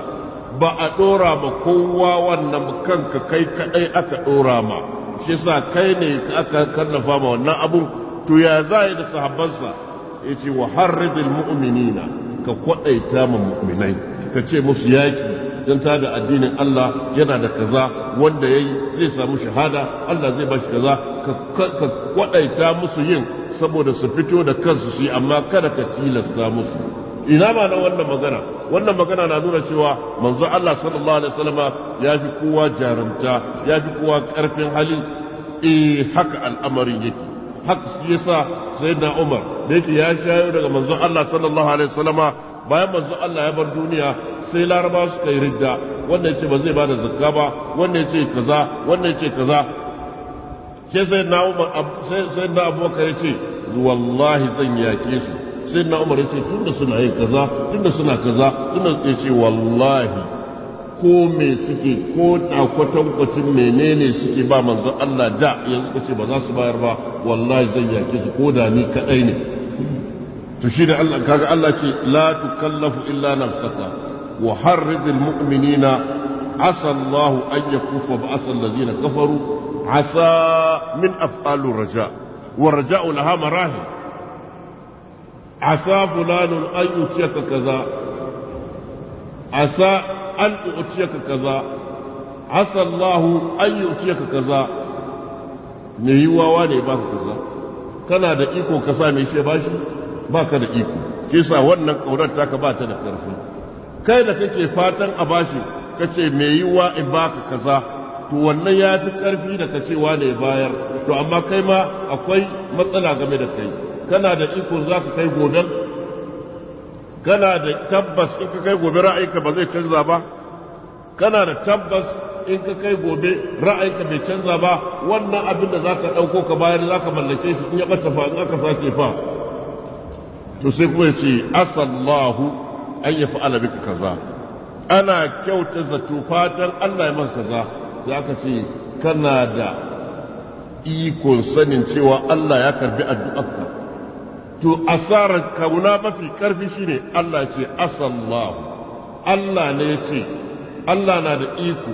ba a ɗora ma kowa wannan kanka kai kaɗai aka ɗora ma shi sa kai ne aka kallafa ma wannan abun to ya za yi da sahabbansa ya ce wa harridil mu'minina ka kwaɗaita ma mu'minai ka ce musu yaki ta da addinin Allah yana da kaza wanda yayi zai samu shahada Allah zai bashi kaza ka kwadaita musu yin saboda su fito da kansu su yi amma kada ka tilasta musu ina ma na wannan magana wannan magana na nuna cewa manzo Allah sallallahu alaihi wasallam ya fi kowa jarumta ya fi kowa karfin hali E, haka al'amari yake haka shi yasa sayyidina Umar da yake ya shayo daga manzo Allah sallallahu alaihi wasallam bayan manzo Allah ya bar duniya sai laraba suka yi ridda wannan ce ba zai bada zakka ba wannan ce kaza wannan ce kaza sai sai na umar sai sai na abubakar ya ce wallahi zan yake su sai na umar ya ce tunda suna yin kaza tunda suna kaza tunda ya ce wallahi ko me suke ko takwatan kwacin menene suke ba manzo Allah da yanzu kace ba za su bayar ba wallahi zan yake su ko da ni kadai ne تشير الله كاغا الله تي لا تكلف الا نفسك وحرض المؤمنين عسى الله ان يكف باس الذين كفروا عسى من افعال الرجاء والرجاء لها مراحل عسى فلان ان يؤتيك كذا عسى ان يؤتيك كذا عسى الله ان يؤتيك كذا نيوا واني باك كذا كان هذا ايكو كسامي شي ba ka da iko kisa wannan ta taka ba ta da ƙarfi kai da kake fatan a bashi ka ce me yiwuwa in ba ka kaza to wannan ya fi ƙarfi da ce wane bayar to amma kai ma akwai matsala game da kai kana da iko za ka kai gobe? kana da tabbas in ka kai gobe ra'ayinka ba zai canza ba kana da tabbas in ka kai gobe ra'ayinka bai canza ba wannan abin da za ka ɗauko ka bayar za ka mallake shi in ya ɓata fa in aka sace fa to sai kuma ya ce asallahu an ya fa'ala kaza ana kyauta zato fatan Allah ya maka kaza sai aka ce kana da ikon sanin cewa Allah ya karbi addu'arka to asarar kauna mafi karfi shine Allah ce asallahu Allah ne ya ce Allah na da iko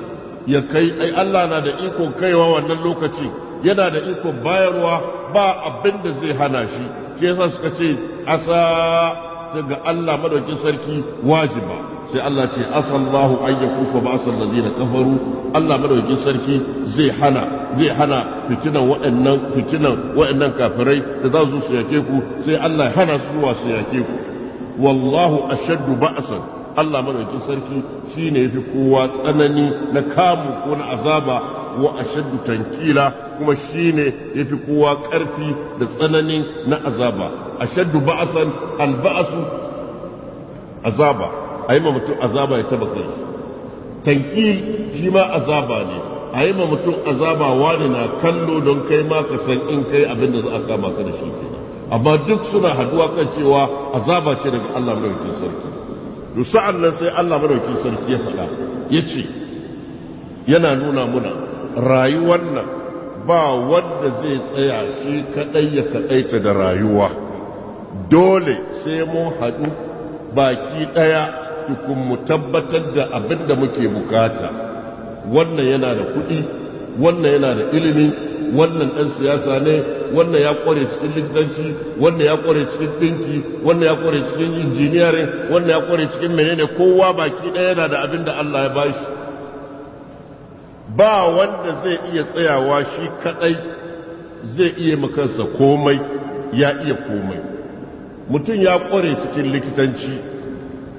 ya kai ai Allah na da iko kaiwa wannan lokaci yana da iko bayarwa ba abin da zai hana shi shi yasa suka ce asa daga Allah madaukin sarki wajiba sai Allah ce asallahu an fa ba ladina kafaru Allah madaukin sarki zai hana zai hana fitinan waɗannan fitinan waɗannan kafirai da za su yake ku sai Allah hana su zuwa su yake ku wallahu ashaddu ba'san Allah madaukin sarki shine yafi kowa tsanani na kamu ko na azaba wa ashaddu tankila kuma shine yafi kowa karfi da tsananin na azaba ashaddu ba'san ba'su azaba ayi ma mutum azaba ya taba kai tankil shi ma azaba ne ayi ma mutum azaba wani na kallo don kai ma ka san in kai abin da za a kama ka da shi kenan amma duk suna haduwa kan cewa azaba ce daga Allah madaukakin sarki to sa'an nan sai Allah madaukakin sarki ya faɗa yace yana nuna muna rayuwar nan ba wanda zai tsaya shi kadai ya kadai ta da rayuwa dole sai mun haɗu baki ɗaya tukun mu tabbatar da abin da muke bukata wannan yana da kuɗi wannan yana da ilimi wannan ɗan siyasa ne wannan ya ƙware cikin likitanci wannan ya ƙware cikin ɗinki wannan ya ƙware cikin injiniyarin wannan ya ƙware cikin menene kowa baki ɗaya yana da abin da Allah ya bashi ba wanda zai iya tsayawa shi kadai zai iya makansa komai ya iya komai mutum ya kware cikin likitanci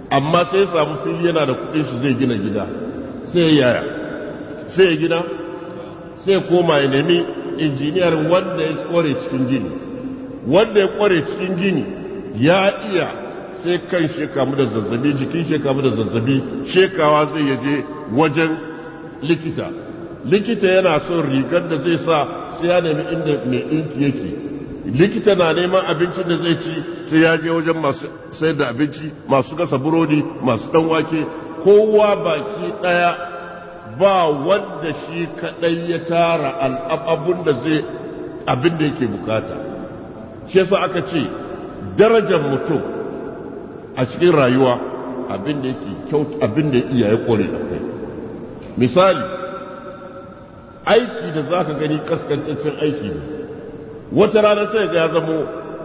amma sai ya samu fili yana da kudin shi zai gina gida sai yaya sai gina sai koma ya nemi injiniyar wanda ya kware cikin gini wanda ya kware cikin gini ya iya sai kan shekamu da zazzabi jikin shekamu da zazzabi shekawa zai yaje wajen likita likita yana son rigar da zai sa sai ya nemi inda mai ɗinki yake likita na neman abincin da zai ci sai ya je wajen masu sayar da abinci masu gasa burodi masu ɗan wake kowa baki ɗaya ba wanda shi kaɗai ya tara al'abun da zai abin da yake bukata shi yasa aka ce darajar mutum a cikin rayuwa abin da yake kyau abin da iyaye kore da kai misali aiki da za ka gani kaskantaccen aiki ne wata rana sai ya zamo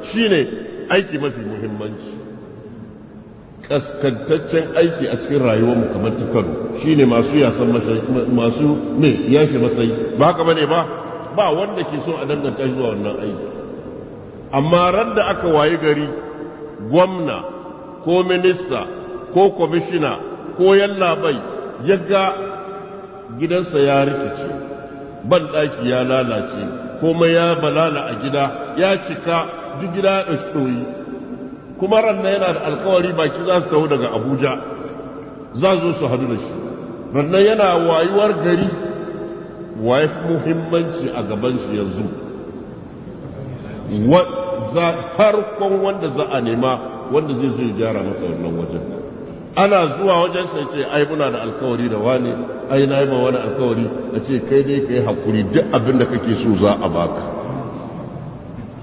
shine aiki mafi muhimmanci kaskantaccen aiki a cikin rayuwarmu kamar ta kano shine masu yasan masu ne yashe masai ba haka bane ba ba wanda ke son a danganta zuwa wannan aiki amma ran da aka waye gari gwamna ko minista ko kwamishina ko yallabai ya ga gidansa ya rikice ban ɗaki ya lalace komai ya balala a gida ya cika duk gida ya ɗauki ɗoyi kuma ranna yana da alkawari baki za su taho daga abuja za zo su hadu da shi ranna yana wayuwar gari waye muhimmanci a gaban shi yanzu farkon wanda za a nema wanda zai zo ya gyara masa wannan wajen ana zuwa wajen sai ce ai muna da alkawari da wani ai na yi ma wani alkawari a ce kai dai ka yi hakuri duk abin da kake so za a baka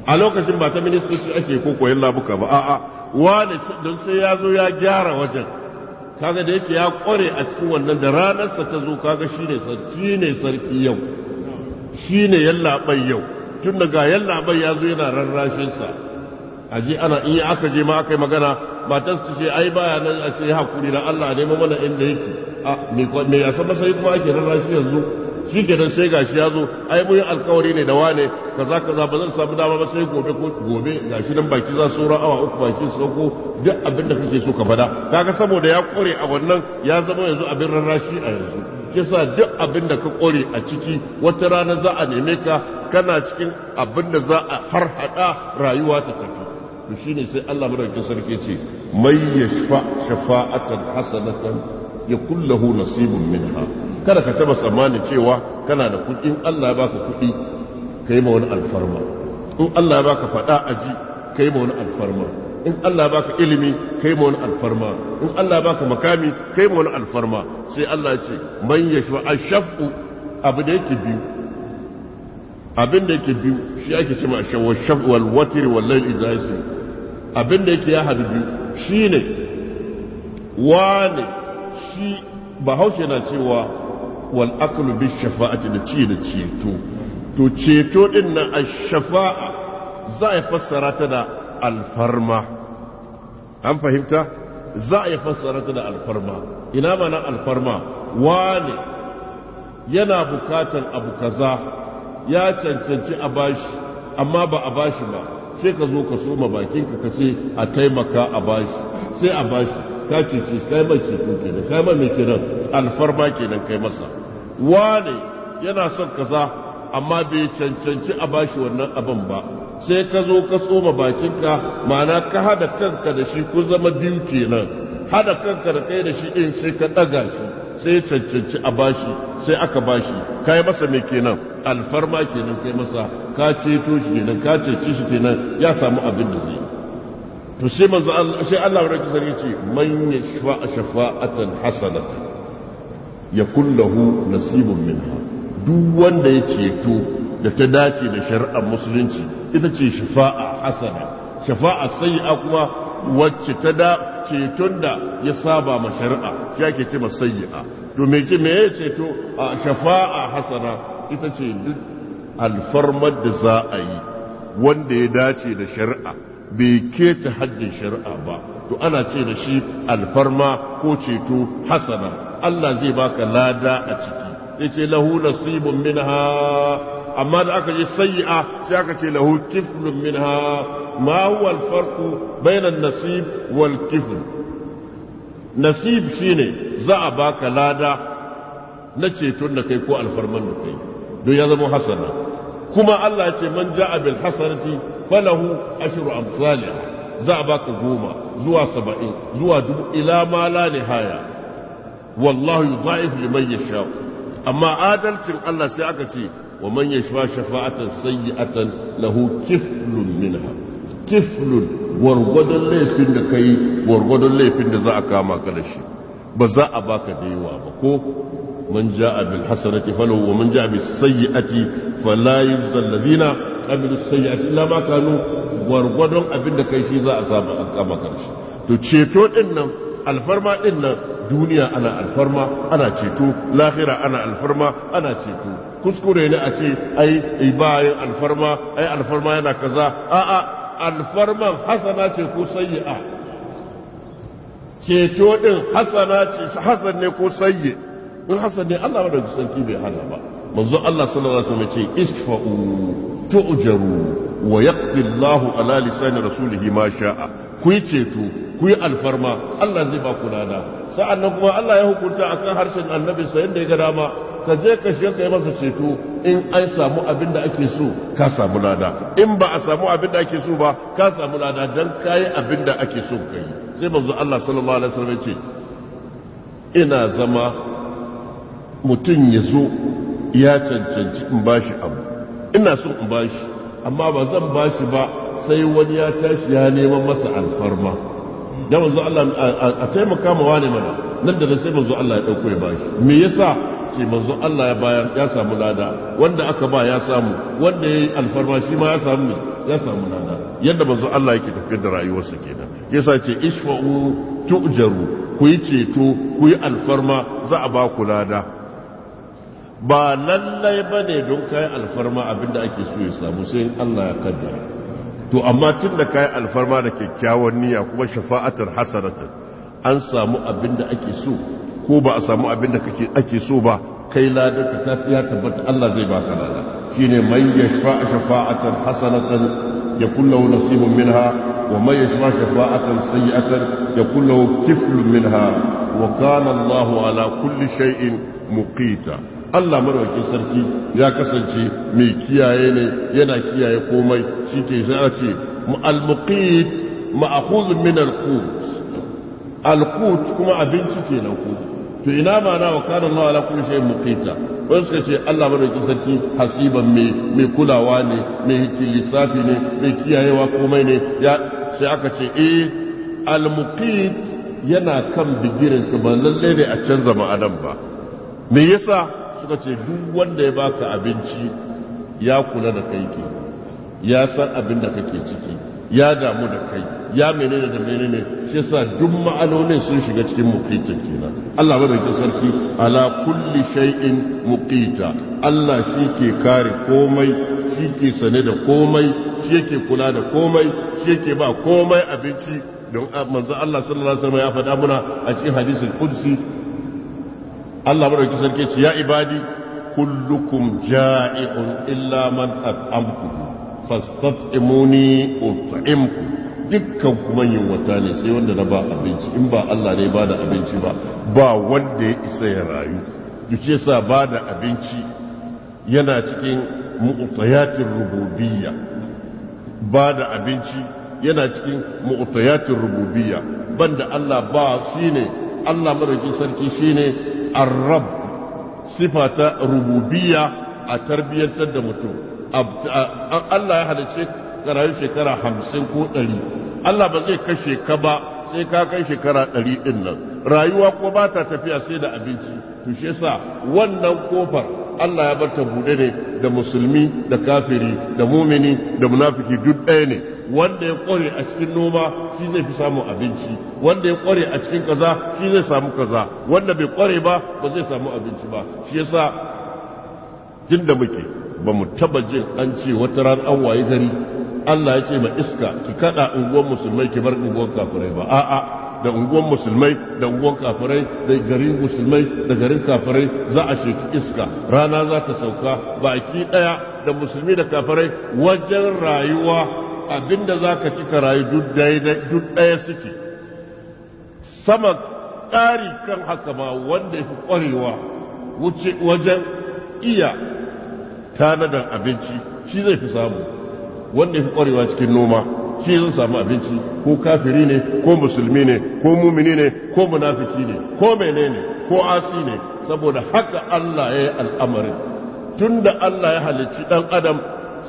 a lokacin ba ta ministoci ake ko koyin labuka ba a'a wani don sai ya zo ya gyara wajen kaga da yake ya kware a cikin wannan da ranarsa ta zo kaga shine sarki ne sarki yau shine yallaɓai yau tun daga yallaɓai ya zo yana rarrashinsa aje ana in aka je ma aka yi magana matar su ce ai baya nan a ce hakuri na Allah ne mana inda yake a me ya san sai kuma ake rarra shi yanzu shi ke nan sai gashi ya zo ai mun alkawari ne da wane kaza kaza ba zan samu dama ba sai gobe ko gobe gashi nan baki za su awa uku baki su sauko duk abin da kake so ka fada kaga saboda ya kore a wannan ya zama yanzu abin rarra shi a yanzu kisa duk abin da ka kore a ciki wata rana za a neme ka kana cikin abin da za a harhaɗa rayuwa ta tafi to shine sai Allah madaukakin sarki ce mai yashfa shafa'atan hasanatan ya kullahu nasibun minha kada ka taba tsammani cewa kana da kuɗi in Allah ya baka kuɗi kai ma wani alfarma in Allah ya baka faɗa aji kai ma wani alfarma in Allah ya baka ilimi kai ma wani alfarma in Allah ya baka makami kai ma wani alfarma sai Allah ya ce man yashfa ashfu abu da yake biyu abin da yake biyu shi ake cewa shawar shafwal watir wal layl idza yasir abin da yake ya harbi shine wane shi bahaushe na cewa wal bi shafa'ati da ci da ceto to ceto din na a shafa'a za a fassara ta da alfarma an fahimta za a fassara ta da alfarma ina mana alfarma wane yana bukatan abu kaza ya cancanci a bashi amma ba a bashi ba sai ka zo ka soma bakinka ka ce a taimaka a bashi sai a bashi ka ce ce kai ce ko kenan kai mai mai kenan alfarma kenan kai masa wane yana son kaza amma bai cancanci a bashi wannan abin ba sai ka zo ka soma bakinka ma'ana ka hada kanka da shi kun zama biyu kenan hada kanka da kai da shi in eh, sai ka ɗaga shi sai cancanci a bashi sai aka bashi ka yi masa mai kenan alfarma kenan kai masa ka ceto shi kenan ka ceci shi kenan ya samu abin da zai to shi manzo Allah sai Allah ya rike sarki ce man yashfa shafa'atan hasanata Ya kullahu nasibun minha duk wanda ya ceto da ta dace da shari'ar musulunci ita ce shafa'a hasana shafa'a a kuma wacce ta da ceton da ya saba ma shari'a ya ke ce masayya to me ce me ceto a shafa'a hasana ita ce duk alfarmar da za a yi wanda ya dace da shari'a bai keta haddin shari'a ba to ana ce da shi alfarma ko ceto hasana Allah zai baka lada a ciki ce lahu nasibun ha. amma da aka ji sayyi'a sai aka ce lahu kiflun minha ma huwa alfarqu bainan nasib wal kifl nasib shine za a baka lada na ceton da kai ko alfarman da kai don ya zama hasana kuma Allah ya ce man ja'a bil hasanati falahu ashru amsalih za a baka goma zuwa saba'in zuwa dubu ila ma la nihaya wallahu yudha'if liman yasha amma adalcin Allah sai aka ce wa man yashfa shafa'atan sayyi'atan lahu kiflun minha kiflun wargwadon laifin da kai wargwadon laifin da za a kama ka da shi ba za a baka da yawa ba ko man ja'a bil hasanati falahu wa man ja'a bis sayyi'ati fala yuzal ladina qabilu sayyi'ati illa ma kanu wargwadon abin da kai shi za a saba a kama ka da shi to ceto din nan alfarma ɗin nan duniya ana alfarma ana ceto lahira ana alfarma ana ceto kuskure ne a ce ai bayan alfarma ai alfarma yana kaza a'a alfarman hasana ce ko sayyi'a ceto ɗin hasana ce hasan ne ko sayyi in hasan ne Allah ba da sarki bai hana ba manzo Allah sallallahu alaihi wasallam ce isfa'u tu'jaru wa yaqdi Allahu ala lisani rasulihi ma sha'a ku ceto ku yi alfarma Allah zai ba ku lada sa'annan kuma Allah ya hukunta a kan harshen annabi sa yanda ya ga dama ka je ka shiga kai masa ceto in an samu abin da ake so ka samu lada in ba a samu abin da ake so ba ka samu lada dan yi abin da ake so ka yi sai manzo Allah sallallahu alaihi wasallam ce ina zama mutum ya zo ya cancanci in bashi abu ina so in bashi amma ba zan bashi ba sai wani ya tashi ya neman masa alfarma da manzo Allah a taimaka ma wani mana nan da sai manzo Allah ya dauko ya bashi me yasa ce manzo Allah ya bayar ya samu lada wanda aka ba ya samu wanda yayi alfarma shi ma ya samu ya samu lada yadda manzo Allah yake tafiyar da rayuwarsa kenan yasa ce isfa'u tu'jaru ku yi ceto ku yi alfarma za a ba ku lada ba lallai bane don kai alfarma abinda ake so ya samu sai Allah ya kaddara to amma tun da kayan alfarma da kyakkyawan niyya kuma shafa'atar hasaratar an samu abin da ake so ko ba a samu abin da ake so ba kai ladar ka ta tabbata Allah zai baka lada shine man yashfa shafa'atan hasanatan yakul lahu nasibun minha wa man yashfa shafa'atan sayyi'atan yakul lahu kiflun minha wa kana Allahu ala kulli shay'in muqita Allah marwakin sarki ya kasance mai kiyaye ne yana kiyaye komai shi ke a ce al-muqit ma'khudh min al-qut al-qut kuma abinci kenan ku to ina ba na wa kana Allah ala kulli shay'in muqita wani suka ce Allah marwakin sarki hasiban mai mai kulawa ne mai lissafi ne mai kiyayewa komai ne ya sai aka ce eh al-muqit yana kan bigirinsa ba lallai ne a canza ma'anan ba me yasa suka ce duk wanda ya baka abinci ya kula da kai ke ya san abin da kake ciki ya damu da kai ya menene da menene shi sa duk ma'anonin sun shiga cikin muqita kenan Allah ba bai sarki ala kulli shay'in muqita Allah shi ke kare komai shi ke sane da komai shi yake kula da komai shi yake ba komai abinci don ah, manzo Allah sallallahu alaihi wasallam ya faɗa muna a cikin hadisin qudsi Allah madauki sarki ce ya ibadi kullukum ja'i'un illa man at'amtu fastat'imuni ut'imku dukkan kuma yunwata ne sai wanda na ba abinci in ba Allah ne ba da abinci ba ba wanda ya isa ya rayu duke sa ba da abinci yana cikin mu'tayatir rububiyya ba da abinci yana cikin mu'tayatir rububiyya banda Allah ba shine Allah madaukin sarki shine arab sifa ta rububiya a tarbiyyantar da mutum Allah ya halice rayu shekara hamsin ko ɗari Allah ba zai kashe ka ba sai ka kai shekara ɗari ɗin rayuwa ko ba ta tafiya sai da abinci to shi wannan kofar Allah ya bar ta buɗe ne da musulmi da kafiri da mumini da munafiki duk ɗaya ne wanda ya ƙware a cikin noma shi zai fi samun abinci wanda ya ƙware a cikin kaza shi zai samu kaza wanda bai ƙware ba ba zai samu abinci ba shi yasa jin da muke ba mu taba jin an ce wata ran an waye gari Allah ya ce ma iska ki kada unguwar musulmai ki bar unguwar kafirai ba a'a da unguwan musulmai da unguwan kafirai da garin musulmai da garin kafirai za a shi iska rana za ta sauka baki daya da musulmi da kafirai wajen rayuwa abinda za ka cika rayu duk daya suke sama ƙari kan haka ma wanda ya fi ƙwarewa wajen iya tanadan abinci shi zai fi samu wanda ya fi ƙwarewa cikin noma shi zan samu abinci ko kafiri ne ko musulmi ne ko mumini ne ko munafiki ne ko menene ko asi ne saboda haka Allah ya yi al'amarin tunda Allah ya halicci ɗan adam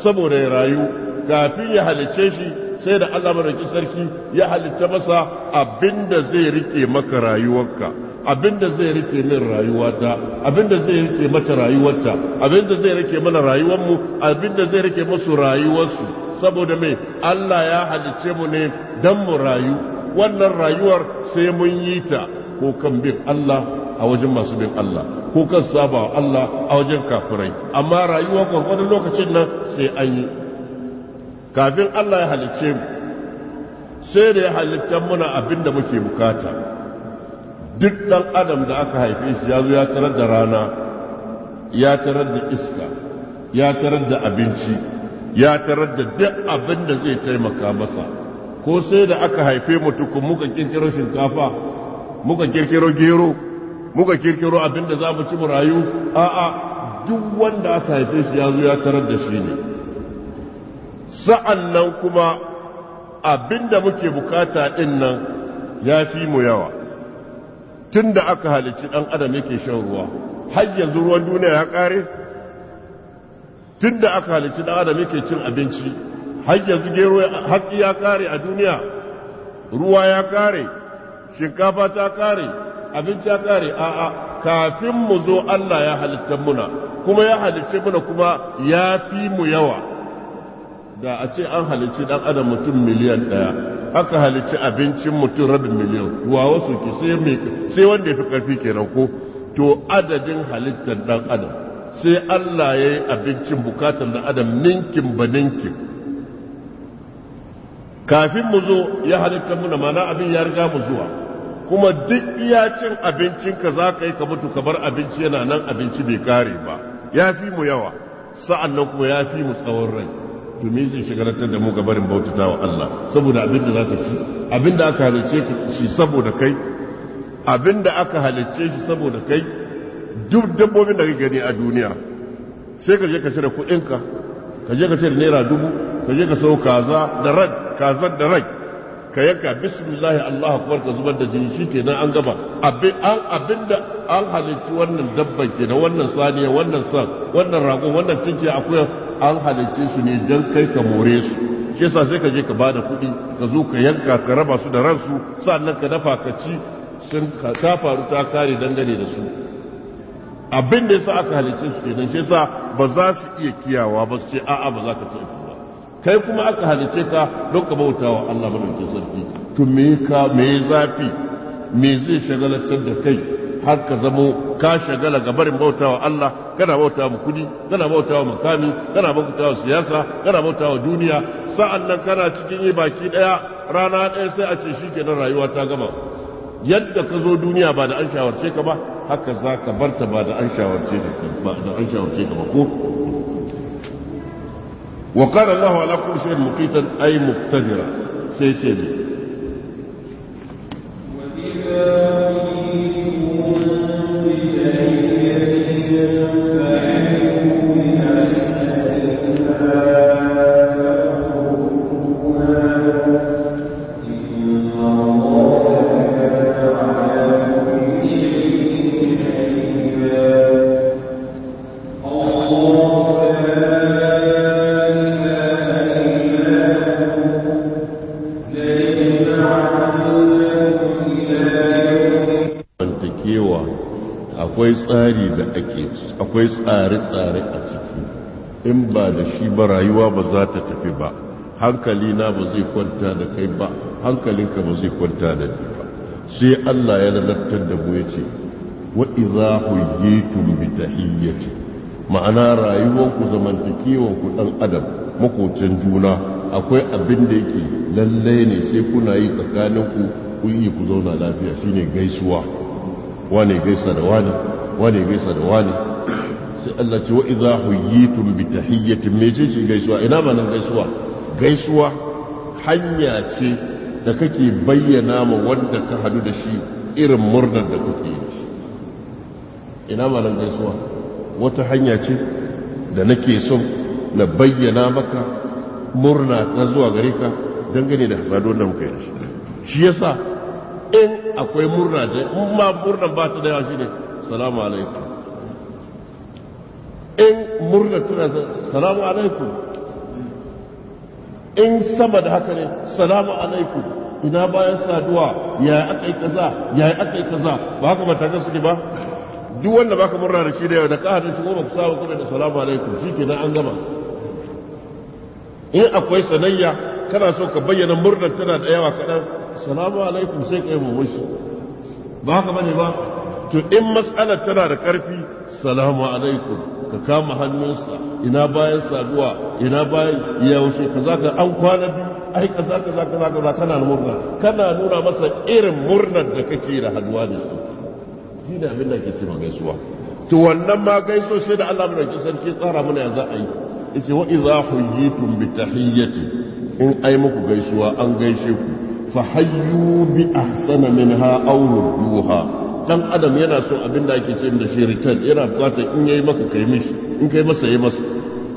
saboda ya rayu kafin ya halicce shi sai da Allah maraki sarki ya halicce masa abinda zai rike maka rayuwarka abinda zai rike min rayuwata abinda zai rike mata rayuwarta abinda zai rike mana rayuwarmu abinda zai rike musu rayuwarsu saboda me Allah ya halice mu ne dan mu rayu wannan rayuwar sai mun yi ta ko kan bin Allah a wajen masu bin Allah ko kan saba Allah a wajen kafirai amma rayuwar gwargwadon lokacin nan sai an yi kafin Allah ya halice mu sai da ya halitta muna abinda muke bukata duk ɗan adam da aka haife shi ya zo ya tarar da rana ya tarar da iska ya tarar da abinci ya tarar da duk abin da zai taimaka masa ko sai da aka haife mu tuku muka kirkiro shinkafa muka kirkiro gero muka kirkiro abin da za mu ci mu rayu a'a duk wanda aka haife shi ya zo ya tarar da shi ne sa'annan kuma abin da muke bukata ɗin nan ya fi mu yawa tun da aka halicci ɗan adam yake shan ruwa har yanzu ruwan duniya ya ƙare tun da aka halicci ɗan adam yake cin abinci har yanzu gero hatsi ya ƙare a duniya ruwa ya ƙare shinkafa ta ƙare abinci ya ƙare a'a kafin mu zo Allah ya halitta muna kuma ya halicce muna kuma ya fi mu yawa da a ce an halicci dan adam mutum miliyan ɗaya aka halicci abincin mutum rabin miliyan wa wasu ki sai wanda ya fi ƙarfi ke ko to adadin halittar dan adam sai Allah ya yi abincin bukatar dan adam ninkin ba ninkin kafin mu zo ya halitta muna mana abin ya riga mu zuwa kuma duk iya cin ka za ka yi ka mutu kamar abinci yana nan abinci bai kare ba ya fi mu yawa sa'an nan kuma ya fi mu tsawon rai to me zai shigarantar da mu ga barin bautata wa Allah saboda abin da zaka ci abin da aka halice shi saboda kai abin da aka halice shi saboda kai duk dabbobin da kake gani a duniya sai ka je ka shirya kuɗinka ka je ka shirya naira dubu ka je ka sau kaza da rai. kazan da rag ka yanka bismillah Allah akbar ka zubar da jini nan an gaba abin abinda an halicci wannan dabban da wannan saniya wannan san wannan rago wannan tunce akuya an halicce su ne dan kai ka more su yasa sai ka je ka bada kuɗi ka zo ka yanka ka raba su da ransu sannan ka dafa ka ci sun ta faru ta kare dangane da su abin da yasa aka halicce su kenan shi yasa ba za su iya kiyawa ba su ce a'a ba za ka ci kai kuma aka halice ka don ka bauta wa Allah madaukakin sarki to me ka me zafi me zai shagalatar da kai har ka zamo ka shagala ga barin bauta wa Allah kana bauta wa kudi kana bauta wa makami kana bauta wa siyasa kana bauta wa duniya sa'an nan kana cikin yi baki daya rana ɗaya sai a ce shikenan rayuwa ta gama yadda ka zo duniya ba da an shawarce ka ba haka za ka barta ba da an shawarce ka ba ko وقال الله على كل شيء مقيتا أي مقتدرا سيتيني akwai tsare-tsare a ciki in ba da shi ba rayuwa ba za ta tafi ba Hankali na ba zai kwanta da kai ba hankalinka ba zai kwanta da ni ba sai Allah ya lalattar da mu yace ce wa idza huyitum bi tahiyyati ma'ana rayuwanku ku dan adam makocin juna akwai abin da yake lalle ne sai kuna yi tsakaninku ku yi ku zauna lafiya shine gaisuwa wane gaisa da wane wane gaisa da wane sai Allah ce wa idza huyitum bi tahiyyatin mecece gaisuwa ina ma nan gaisuwa gaisuwa hanya ce da kake bayyana ma wanda ka hadu da shi irin murnar da kuke yi ina ma nan gaisuwa wata hanya ce da nake son na bayyana maka murna ta zuwa gare ka dangane da hasadon da muka yi da shi shi yasa in akwai murna da in ma murnar ba ta da yawa shi ne salamu alaikum in murna tana salamu alaikum in sama da haka ne salamu alaikum ina bayan saduwa ya aka yi kaza ya aka yi kaza ba haka su ne ba duk wanda baka murna da shi da yau da ka hada shi goma ku samu kuma da salamu alaikum shi kenan an gama in akwai sanayya kana so ka bayyana murnar tana da yawa kaɗan salamu alaikum sai ka yi shi ba haka ne ba to in matsalar tana da ƙarfi salamu alaikum ka kama hannunsa ina bayan saduwa ina bayan wuce ka za ka an kwana biyu ka kaza ka kaza kaza kana murna kana nuna masa irin murnar da kake da haduwa da su shi ne abin da ke cewa gaisuwa to wannan ma gaiso shi da Allah mai sarki tsara mana ya za a yi yace wa idza huyitum bi tahiyyati in ai muku gaisuwa an gaishe ku fa hayyu bi ahsana minha aw rudduha dan adam yana so abin da ake ce da shi return yana bukatar in yayi maka kai mishi in kai masa yayi masa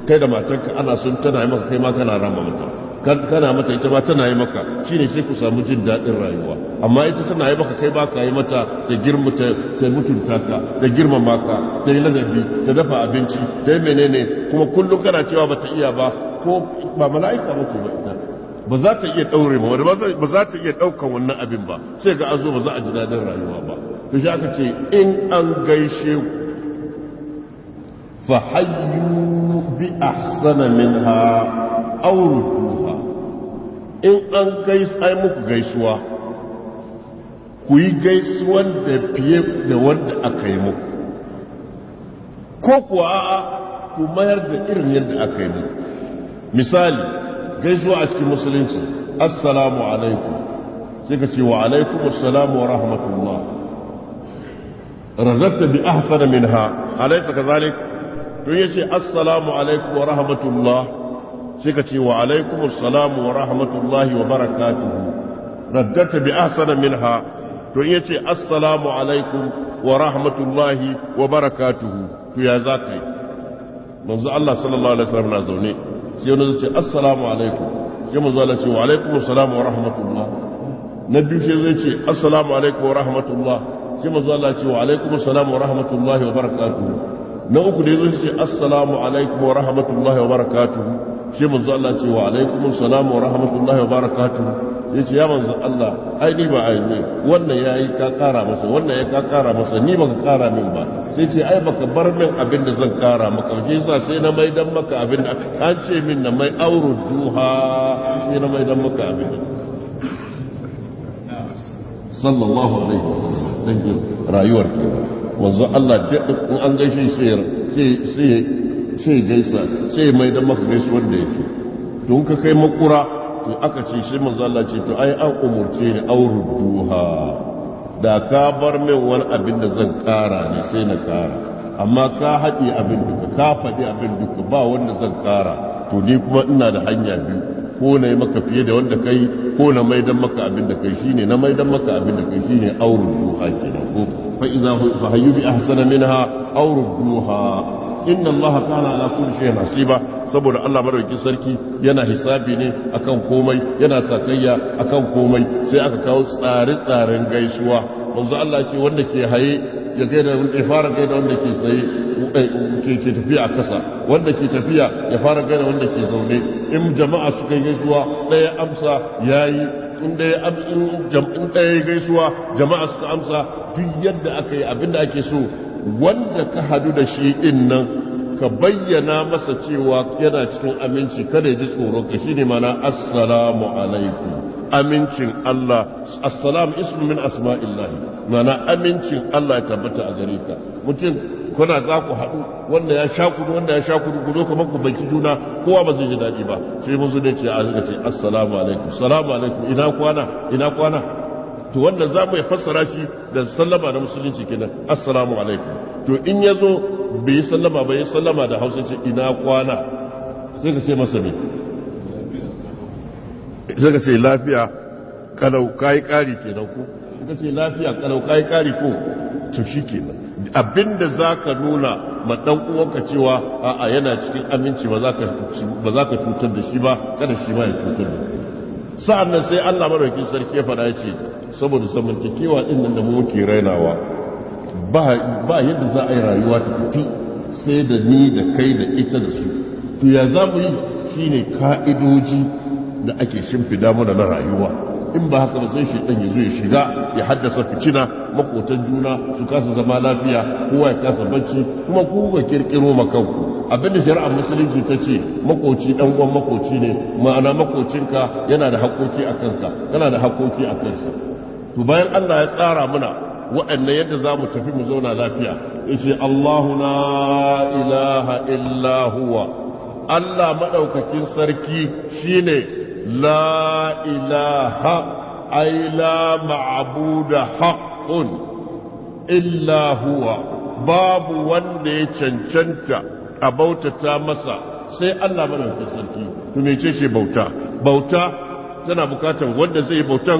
kai da matarka ana son tana yi maka kai ma kana rama mata kana mata ita ba tana yi maka shine sai ku samu jin daɗin rayuwa amma ita tana yi maka kai ba ka yi mata ta girma ta mutunta ka ta girmama ka ta yi ladabi ta dafa abinci ta yi menene kuma kullum kana cewa bata iya ba ko ba mala'ika mace ba ita ba za ta iya ɗaure ba ba za ta iya ɗaukan wannan abin ba sai ga azo ba za a ji daɗin rayuwa ba in shi aka ce in an gaishe ku fa hayyu bi ahsana minha aw rudduha in an gaishe ai muku gaisuwa ku yi gaisuwan da fiye da wanda aka yi muku ko kuwa ku mayar da irin yadda aka yi muku misali gaisuwa a cikin musulunci assalamu alaikum sai ka ce wa alaikum assalamu wa rahmatullah rarrabta bi ahsana minha alaysa kadhalik tun yace assalamu alaikum wa rahmatullah sai ka ce wa alaikum assalamu wa rahmatullahi wa barakatuhu raddata bi ahsana minha To yace assalamu alaikum wa rahmatullahi wa barakatuhu to ya zakai manzo Allah sallallahu alaihi wasallam na zaune sai wani zai ce assalamu alaikum sai manzo Allah ce wa alaikum assalamu wa rahmatullah na biyu sai zai ce assalamu alaikum wa rahmatullah sai mazu Allah ce wa alaikum salam wa rahmatullahi wa barakatuh na uku da yazo shi assalamu alaikum wa rahmatullahi wa barakatuh sai mazu Allah ce wa alaikum salam wa rahmatullahi wa barakatuh yace ya mazu Allah ai ni ba ai ne wannan yayi ka kara masa wannan ya ka kara masa ni baka kara min ba sai ce ai baka bar min abin da zan kara maka sai sa sai na mai dan maka abin da an ce min na mai auru duha sai na mai dan maka abin sallallahu alaihi wasallam ɗinkin rayuwar ke wanzu Allah in an gaishe sai gaisa sai mai da maka gaisu wanda yake don ka kai makura to aka ce shi manzo Allah ce to ai an umurce ni duha da ka bar min wani abin da zan kara ne sai na kara amma ka haɗe abin duka ka faɗi abin duka ba wanda zan kara to ni kuma ina da hanya biyu ko na yi maka fiye da wanda kai ko na maidan maka abin da kai shine na maidan maka abin da kai shine auru duha kenan ko fa idza fa hayyu bi ahsana minha auru duha inna allaha kana ala kulli shay'in hasiba saboda Allah madaukakin sarki yana hisabi ne akan komai yana sakayya akan komai sai aka kawo tsare-tsaren gaisuwa manzo Allah ce wanda ke haye ya da ya fara da wanda ke tsaye eh, ke tafiya a kasa wanda ke tafiya ya fara da wanda ke zaune in jama'a suka yi gaisuwa ɗaya amsa yi in ɗaya ya gaisuwa jama'a suka amsa duk yadda aka yi abinda ake so wanda ka hadu da shi in nan ka bayyana masa cewa yana cikin aminci kada ya ji tsoro ka shi ne mana assalamu alaikum amincin Allah assalamu ismu min asma'illahi mana amincin Allah ya tabbata a gare ka mutum kuna za ku haɗu wanda ya sha kudu wanda ya sha kudu ku zo kamar ku baki juna kowa ba zai ji daɗi ba sai mun zo ce a ce assalamu alaikum assalamu alaikum ina kwana ina kwana to wannan za mu fassara shi da sallama na musulunci kenan assalamu alaikum to in ya zo bai yi sallama ba yi sallama da hausa ce ina kwana sai ka ce masa ne sai ka ce lafiya kalau kai kari kenan ku suka ce lafiya kalau ka yi kari ko to shi ke da abinda ka nuna maɗan uwanka cewa a'a yana cikin aminci ba za ka cutar da shi ba kada shi ma ya cutar da kai nan sai Allah madaukakin sarki ya fada ce saboda zamantakewa din nan da mu muke rainawa ba yadda za a yi rayuwa ta fiti sai da ni da kai da ita da su to ya za mu yi shine ka'idoji da ake shimfida mana na rayuwa in ba haka ba sai shi ya yanzu ya shiga ya haddasa fitina makotan juna su kasa zama lafiya kowa ya kasa bacci kuma ku ga kirkiro makanku abinda shari'ar musulunci ta ce makoci dan uwan makoci ne ma'ana makocinka yana da hakoki a kanka yana da hakoki a kansa to bayan Allah ya tsara mana waɗannan yadda za mu tafi mu zauna lafiya ce Allahu la ilaha illa huwa Allah madaukakin sarki shine لا إله أي لا معبود حق إلا هو باب وندي چنچنتا أبوتتا مسا سي الله من التسلكي تميشيشي بوتا بوتا تنا بكاتا وندي زي بوتا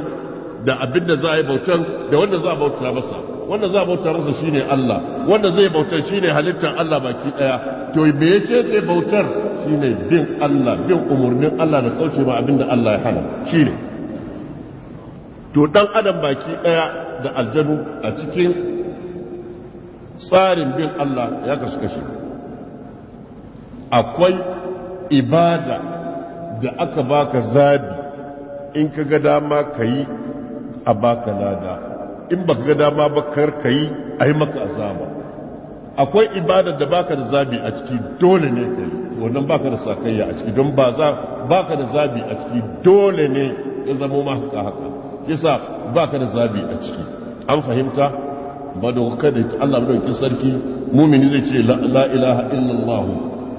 دا abin da بوتا دا yi bautan بوتا wanda wanda za a bauta masa shine Allah wanda zai bautar shine halittar Allah baki ɗaya, to me yace ce bautar shine bin Allah bin umarnin Allah da kauce ba abinda Allah ya hana shine to ɗan adam baki ɗaya da aljanu a cikin tsarin bin Allah ya kasu kashe akwai ibada da aka baka zabi in ka ga dama ka yi a baka lada in baka ga dama ba kar ka yi a yi maka azaba akwai ibada da baka da zabi a ciki dole ne ka yi wannan baka da sakayya a ciki don ba za baka da zabi a ciki dole ne ya zamo ma haka haka yasa baka da zabi a ciki an fahimta ba da kada Allah madaukakin sarki mumini zai ce la ilaha illallah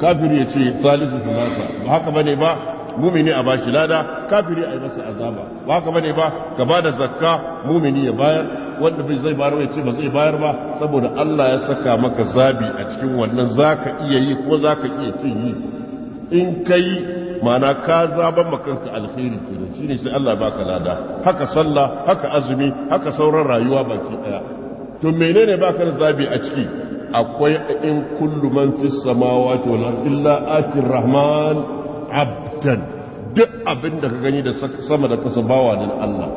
kafiri ya ce salisu salasa ba haka bane ba mumini a bashi lada kafiri a yi masa azaba ba haka bane ba ka ba da zakka mumini ya bayar wanda bai zai bayar ya ce ba zai bayar ba saboda Allah ya saka maka zabi a cikin wannan zaka iya yi ko zaka iya cin yi in kai mana ka zaban makanka alkhairi kenan shine sai Allah baka lada haka sallah haka azumi haka sauran rayuwa baki daya to menene baka da zabi a ciki akwai in kullu man fis samawati wal ardi illa atir rahman abdan duk abin da ka gani da sama da kasa bawa dan Allah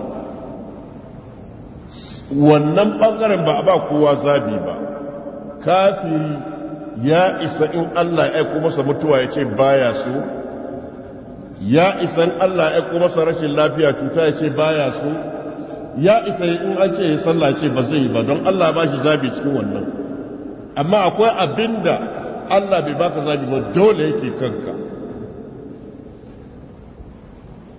wannan ɓangaren ba a ba kowa zabi ba kafiri ya isa in Allah ya aiko masa mutuwa ya ce baya so ya isa in Allah ya aiko masa rashin lafiya cuta ya ce baya so ya isa in an ce ya sallah ce ba zai yi ba don Allah ba shi zabi cikin wannan amma akwai abinda Allah bai baka zabi ba dole yake kanka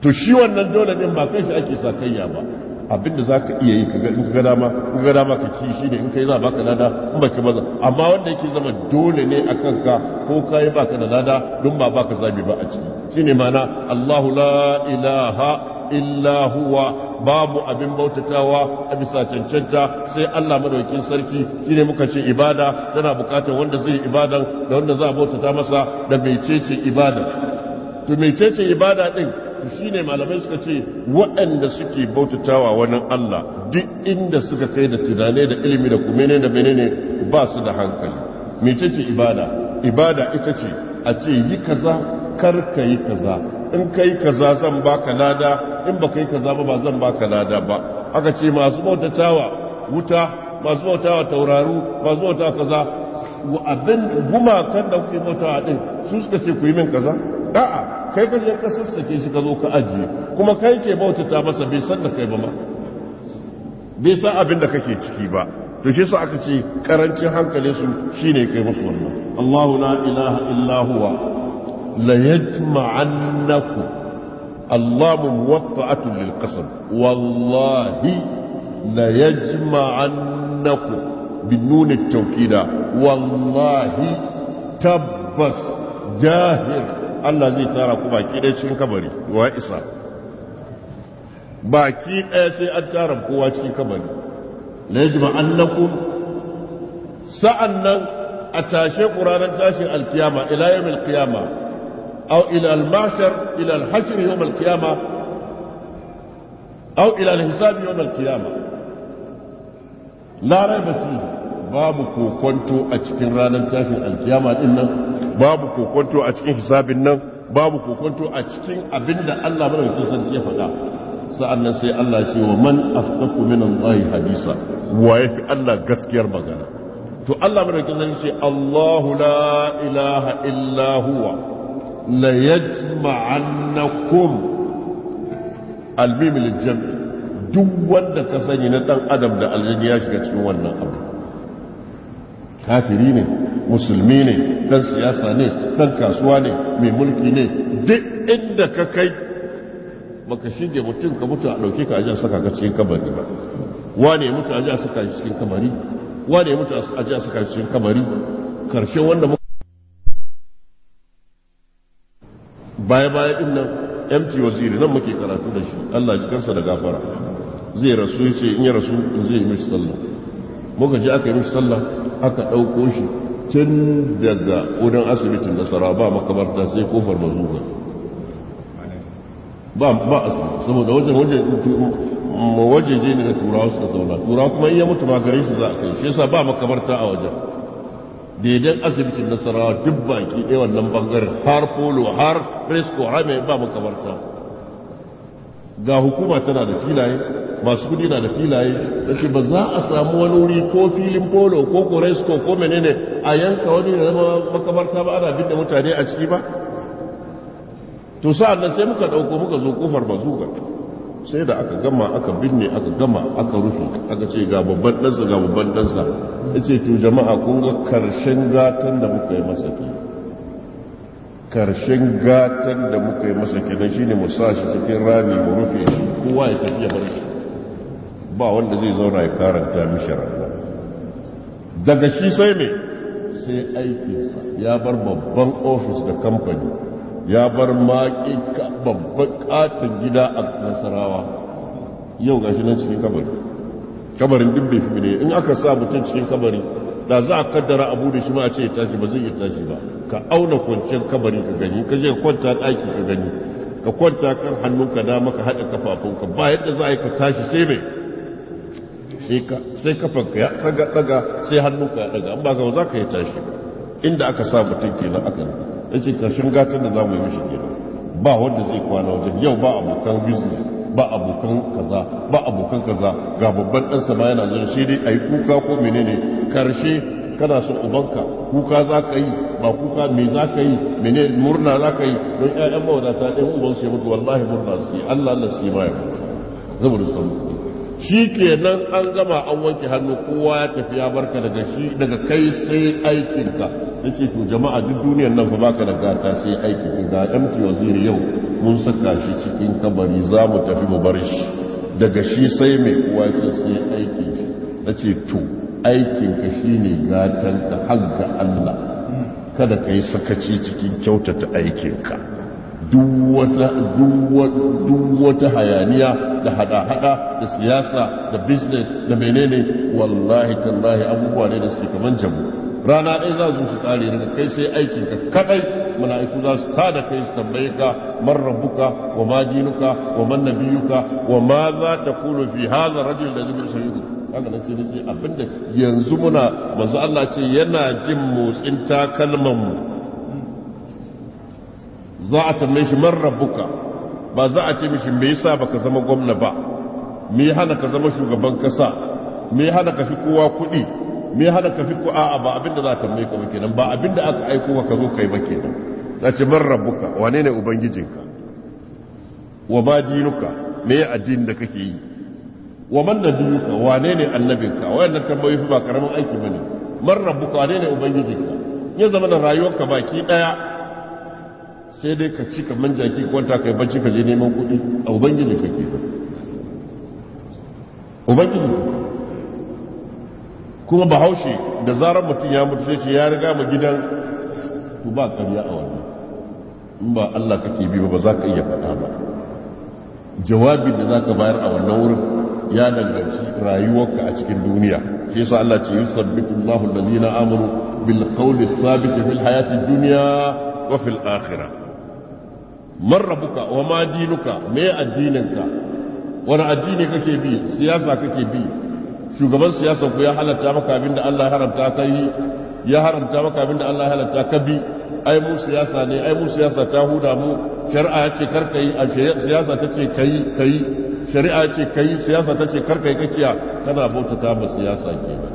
to shi wannan dole din ba kai shi ake sakayya ba abinda za ka iya yi in ka dama in ka dama ka ci shi ne in ka yi za baka lada in baki maza amma wanda yake zama dole ne a kanka ko ka yi ba ka da lada don ba ka zabi ba a ciki Shi ne mana Allahu la ilaha illa huwa babu abin bautatawa a bisa cancanta sai Allah madaukin sarki shi ne muka ce ibada tana bukatar wanda zai yi ibadan da wanda za a bautata masa da mai cece ibada to mai cece ibada din to shine malamai suka ce waɗanda suke bautatawa wani Allah duk inda suka kai da tunane da ilimi da kumene da menene ba su da hankali ce ibada ibada ita ce a ce yi kaza kar ka yi kaza in ka yi kaza zan ba ka lada in ba ka yi kaza ba ba zan baka lada ba aka ce masu bautatawa wuta masu bautawa tauraru masu bautawa kaza abin gumakan da kuke bautawa ɗin su suka ce ku yi min kaza a'a kai ka je ka sassake shi ka zo ka ajiye kuma kai ke bautata masa bai san da kai ba ma bai san abin da kake ciki ba to shi sa aka ce karancin hankalin su shine kai musu wannan Allahu la ilaha illa huwa la yajma'annakum Allah muwaffa'atun lil qasam wallahi la yajma'annakum bin nun at-tawkida wallahi tabbas jahir Allah zai tara ku baki ɗaya cikin kabari wa isa baki ɗaya sai an tara kowa cikin kabari na la yajma sa'an nan a tashe ku ranar tashin alkiyama ila yawmil qiyama aw ila al-mahshar ila al-hashr yawm al-qiyama aw ila al-hisab yawm qiyama la rayba fihi babu kokonto a cikin ranar tashin alkiyama din nan babu kokonto a cikin hisabin nan babu kokonto a cikin abinda Allah madaukakin sarki ya faɗa sa'annan sai Allah ce wa man afqaku min Allah hadisa wa yafi Allah gaskiyar magana to Allah madaukakin sarki ce Allahu la ilaha illa huwa la yajma'annakum al-mim jam duk wanda ka sani na dan adam da aljini ya shiga cikin wannan abu kafiri ne musulmi ne dan siyasa ne dan kasuwa ne mai mulki ne duk inda ka kai baka shige mutum ka mutu a ɗauke ka ajiya saka ka cikin kabari ba wane mutu ajiya saka saka cikin kabari wane mutu ajiya saka saka cikin kabari karshen wanda baya baya din nan mt waziri nan muke karatu da shi allah ji kansa da gafara zai rasu ya ce in ya rasu zai yi mishi sallah muka ji aka yi mishi sallah aka ɗauko shi tun daga wurin asibitin nasara ba makamarta sai kofar mazuga ba ba asibiti saboda wajen wajen wajeje ne na turawa suka zauna turawa kuma iya mutu magare su za a kai shi yasa ba makamarta a wajen daidan asibitin nasarawa duk baki ɗaya wannan bangaren har polo har fresco har mai ba makamarta ga hukuma tana da filaye masu kudi na da filaye da shi ba za a samu wani wuri ko filin polo ko koresko ko menene a yanka wani da zama makamarta ba ana binne mutane a ciki ba to sa'an nan sai muka ɗauko muka zo kofar bazuka sai da aka gama aka binne aka gama aka rufe aka ce ga babban ɗansa ga babban ɗansa ya ce to jama'a kun ga karshen gatan da muka yi masa ke karshen gatan da muka yi masa kenan shine mu sa shi cikin rami mu rufe shi kowa ya tafi ya bar shi ba wanda zai zauna ya karanta mishi rayuwa daga shi sai me sai aikinsa ya bar babban ofis da kamfani ya bar maƙi babban katin gida a nasarawa yau gashi nan cikin kabari kabarin duk bai fi ne in aka sa mutum cikin kabari da za a kaddara abu da shi ma a ce ya tashi ba zai iya tashi ba ka auna kwanciyar kabari ka gani ka je kwanta ɗaki ka gani ka kwanta kan hannunka dama ka haɗa kafafunka ba yadda za a yi ka tashi sai mai sai kafanka ya daga daga sai hannunka ya daga amma zama za ka yi tashi inda aka sa mutum ke na aka ya ce karshen gatan da za mu yi mishi kenan ba wanda zai kwana wajen yau ba abokan business ba abokan kaza ba abokan kaza ga babban ɗansa sama yana zan shi dai a yi kuka ko menene karshe kana son ubanka kuka za ka yi ba kuka me za ka yi mene murna za ka yi don 'ya'yan mawadata ɗan uban ya mutu wallahi murna su yi allah allah su yi ma ya mutu shi kenan an gama an wanke hannu kowa ya tafi ya barka daga shi daga kai sai ka. ya ce to jama'a duk duniyar nan fa baka da gata sai aikin ki ga mt waziri yau mun saka shi cikin kabari za mu tafi mu bar shi daga shi sai mai kowa ce sai aikin shi na ce to ka shi ne gatan har ga allah kada ka yi sakaci cikin kyautata aikin ka. duk wata hayaniya da hada-hada da siyasa da business da menene wallahi tallahi abubuwa ne da suke kaman jamu rana ɗaya za su su kare daga kai sai aikin ka kadai mala'iku za su da kai su tambaye ka man rabbuka wa ma jinuka wa man nabiyuka wa ma za ta kulu fi hadha rajul da zubin shahidu kaga nace nace abinda yanzu muna manzo Allah ce yana jin motsin takalman mu za a tambaye shi man rabbuka ba za a ce mishi me yasa baka zama gwamna ba me hana ka zama shugaban kasa me hana ka fi kowa kuɗi me hana ka fi ko a'a ba abinda za a tambaye ka ba kenan ba abinda aka aiko ka zo kai ba kenan za ce man rabbuka wane ne ubangijinka wa ma dinuka me addini da kake yi wa man nabiyuka wane ne annabinka wayannan tambayoyi ba karamin aiki bane man rabbuka wane ne ubangijinka ya zama da rayuwarka baki daya sai dai ka ci kamar jaki kwanta kai bacci ka je neman kuɗi a ubangiji ka ke ba ubangiji kuma bahaushe da zarar mutum ya mutu shi ya riga mu gidan to ba kariya a wannan in ba Allah kake bi ba za ka iya faɗa ba jawabi da za ka bayar a wannan wurin ya danganci rayuwarka a cikin duniya shi yasa Allah ce yusabbitu Allahu allazina amanu bil qawli thabit fil hayati dunya wa fil man rabuka wa ma dinuka me addininka wani addini kake bi siyasa kake bi shugaban siyasa ku ya halatta maka abin da Allah ya haramta ka yi ya haramta maka abinda Allah ya halatta ka bi ai mu siyasa ne ai mu siyasa ta huda mu shari'a ce karka yi siyasa ta ce kai kai shari'a ce kai siyasa ta ce karka yi kakiya kana bautata ma siyasa kenan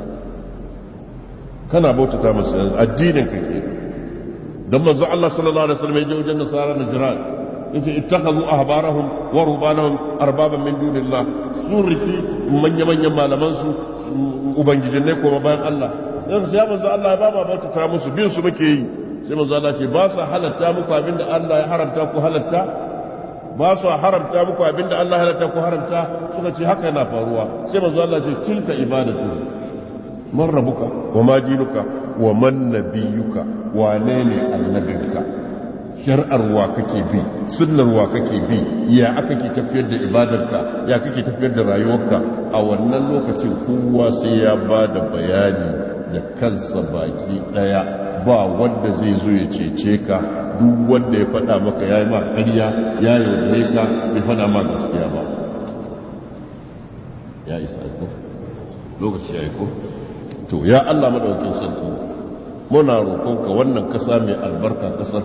kana bautata ma siyasa addinin kake kenan don manzo Allah sallallahu alaihi wasallam ya je wajen nasara najran yace ittakhadhu ahbarahum wa rubanahum arbaban min dunillah sun riki manya manyan malaman ubangijin ne ko bayan Allah dan sai manzo Allah ya baba bauta ta musu bin su muke yi sai manzo Allah ce ba sa halatta muku abinda Allah ya haramta ku halatta ba su haramta muku abinda Allah ya halatta ku haramta suka ce haka yana faruwa sai manzo Allah ce man rabuka wa majinuka wa man nabiyuka wane ne annabinka shar'ar wa kake bi sunnar wa kake bi ya aka ke tafiyar da ibadarka ya kake tafiyar da rayuwarka a wannan lokacin kowa sai ya ba da bayani da kansa baki daya ba wanda zai zo ya cece ka duk wanda ya faɗa maka ya yi ma ƙarya ya yaudare ka ya faɗa ma gaskiya ba ya isa aiko lokaci ya aiko to ya Allah madaukakin sarki muna roƙonka wannan ƙasa mai albarka ƙasar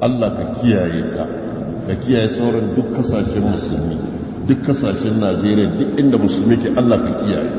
Allah ka kiyaye ta ka kiyaye sauran duk kasashen musulmi duk kasashen Najeriya duk inda musulmi ke Allah ka kiyaye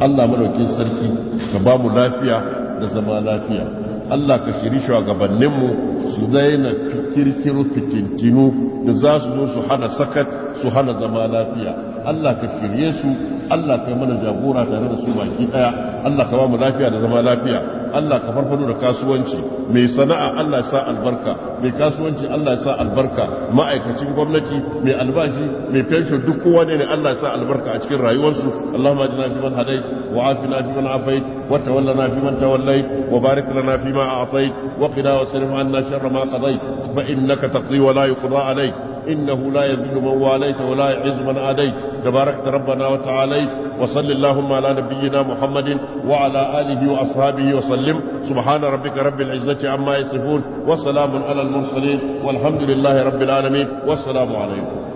Allah madaukakin sarki ka ba mu lafiya da zama lafiya Allah ka shiri shugabanninmu su daina kirkiro fitintinu da za su zo su hana sakat su hana zama lafiya Allah ka shirye su Allah ka mana jagora tare da su baki daya Allah ka ba mu lafiya da zama lafiya Allah ka farfado da kasuwanci mai sana'a Allah ya sa albarka mai kasuwanci Allah ya sa albarka ma'aikacin gwamnati mai albashi mai pension duk kowa ne Allah ya sa albarka a cikin rayuwarsu Allahumma ajina fi man hadait wa afina fi man afait wa tawallana fi man tawallait wa barik lana fi ma a'tait wa qina wa sarif anna sharra ma qadait fa innaka taqdi wa la yuqda alayk إنه لا يذل من واليت ولا يعز من آديت تباركت ربنا وتعاليت وصل اللهم على نبينا محمد وعلى آله وأصحابه وسلم سبحان ربك رب العزة عما يصفون وسلام على المرسلين والحمد لله رب العالمين والسلام عليكم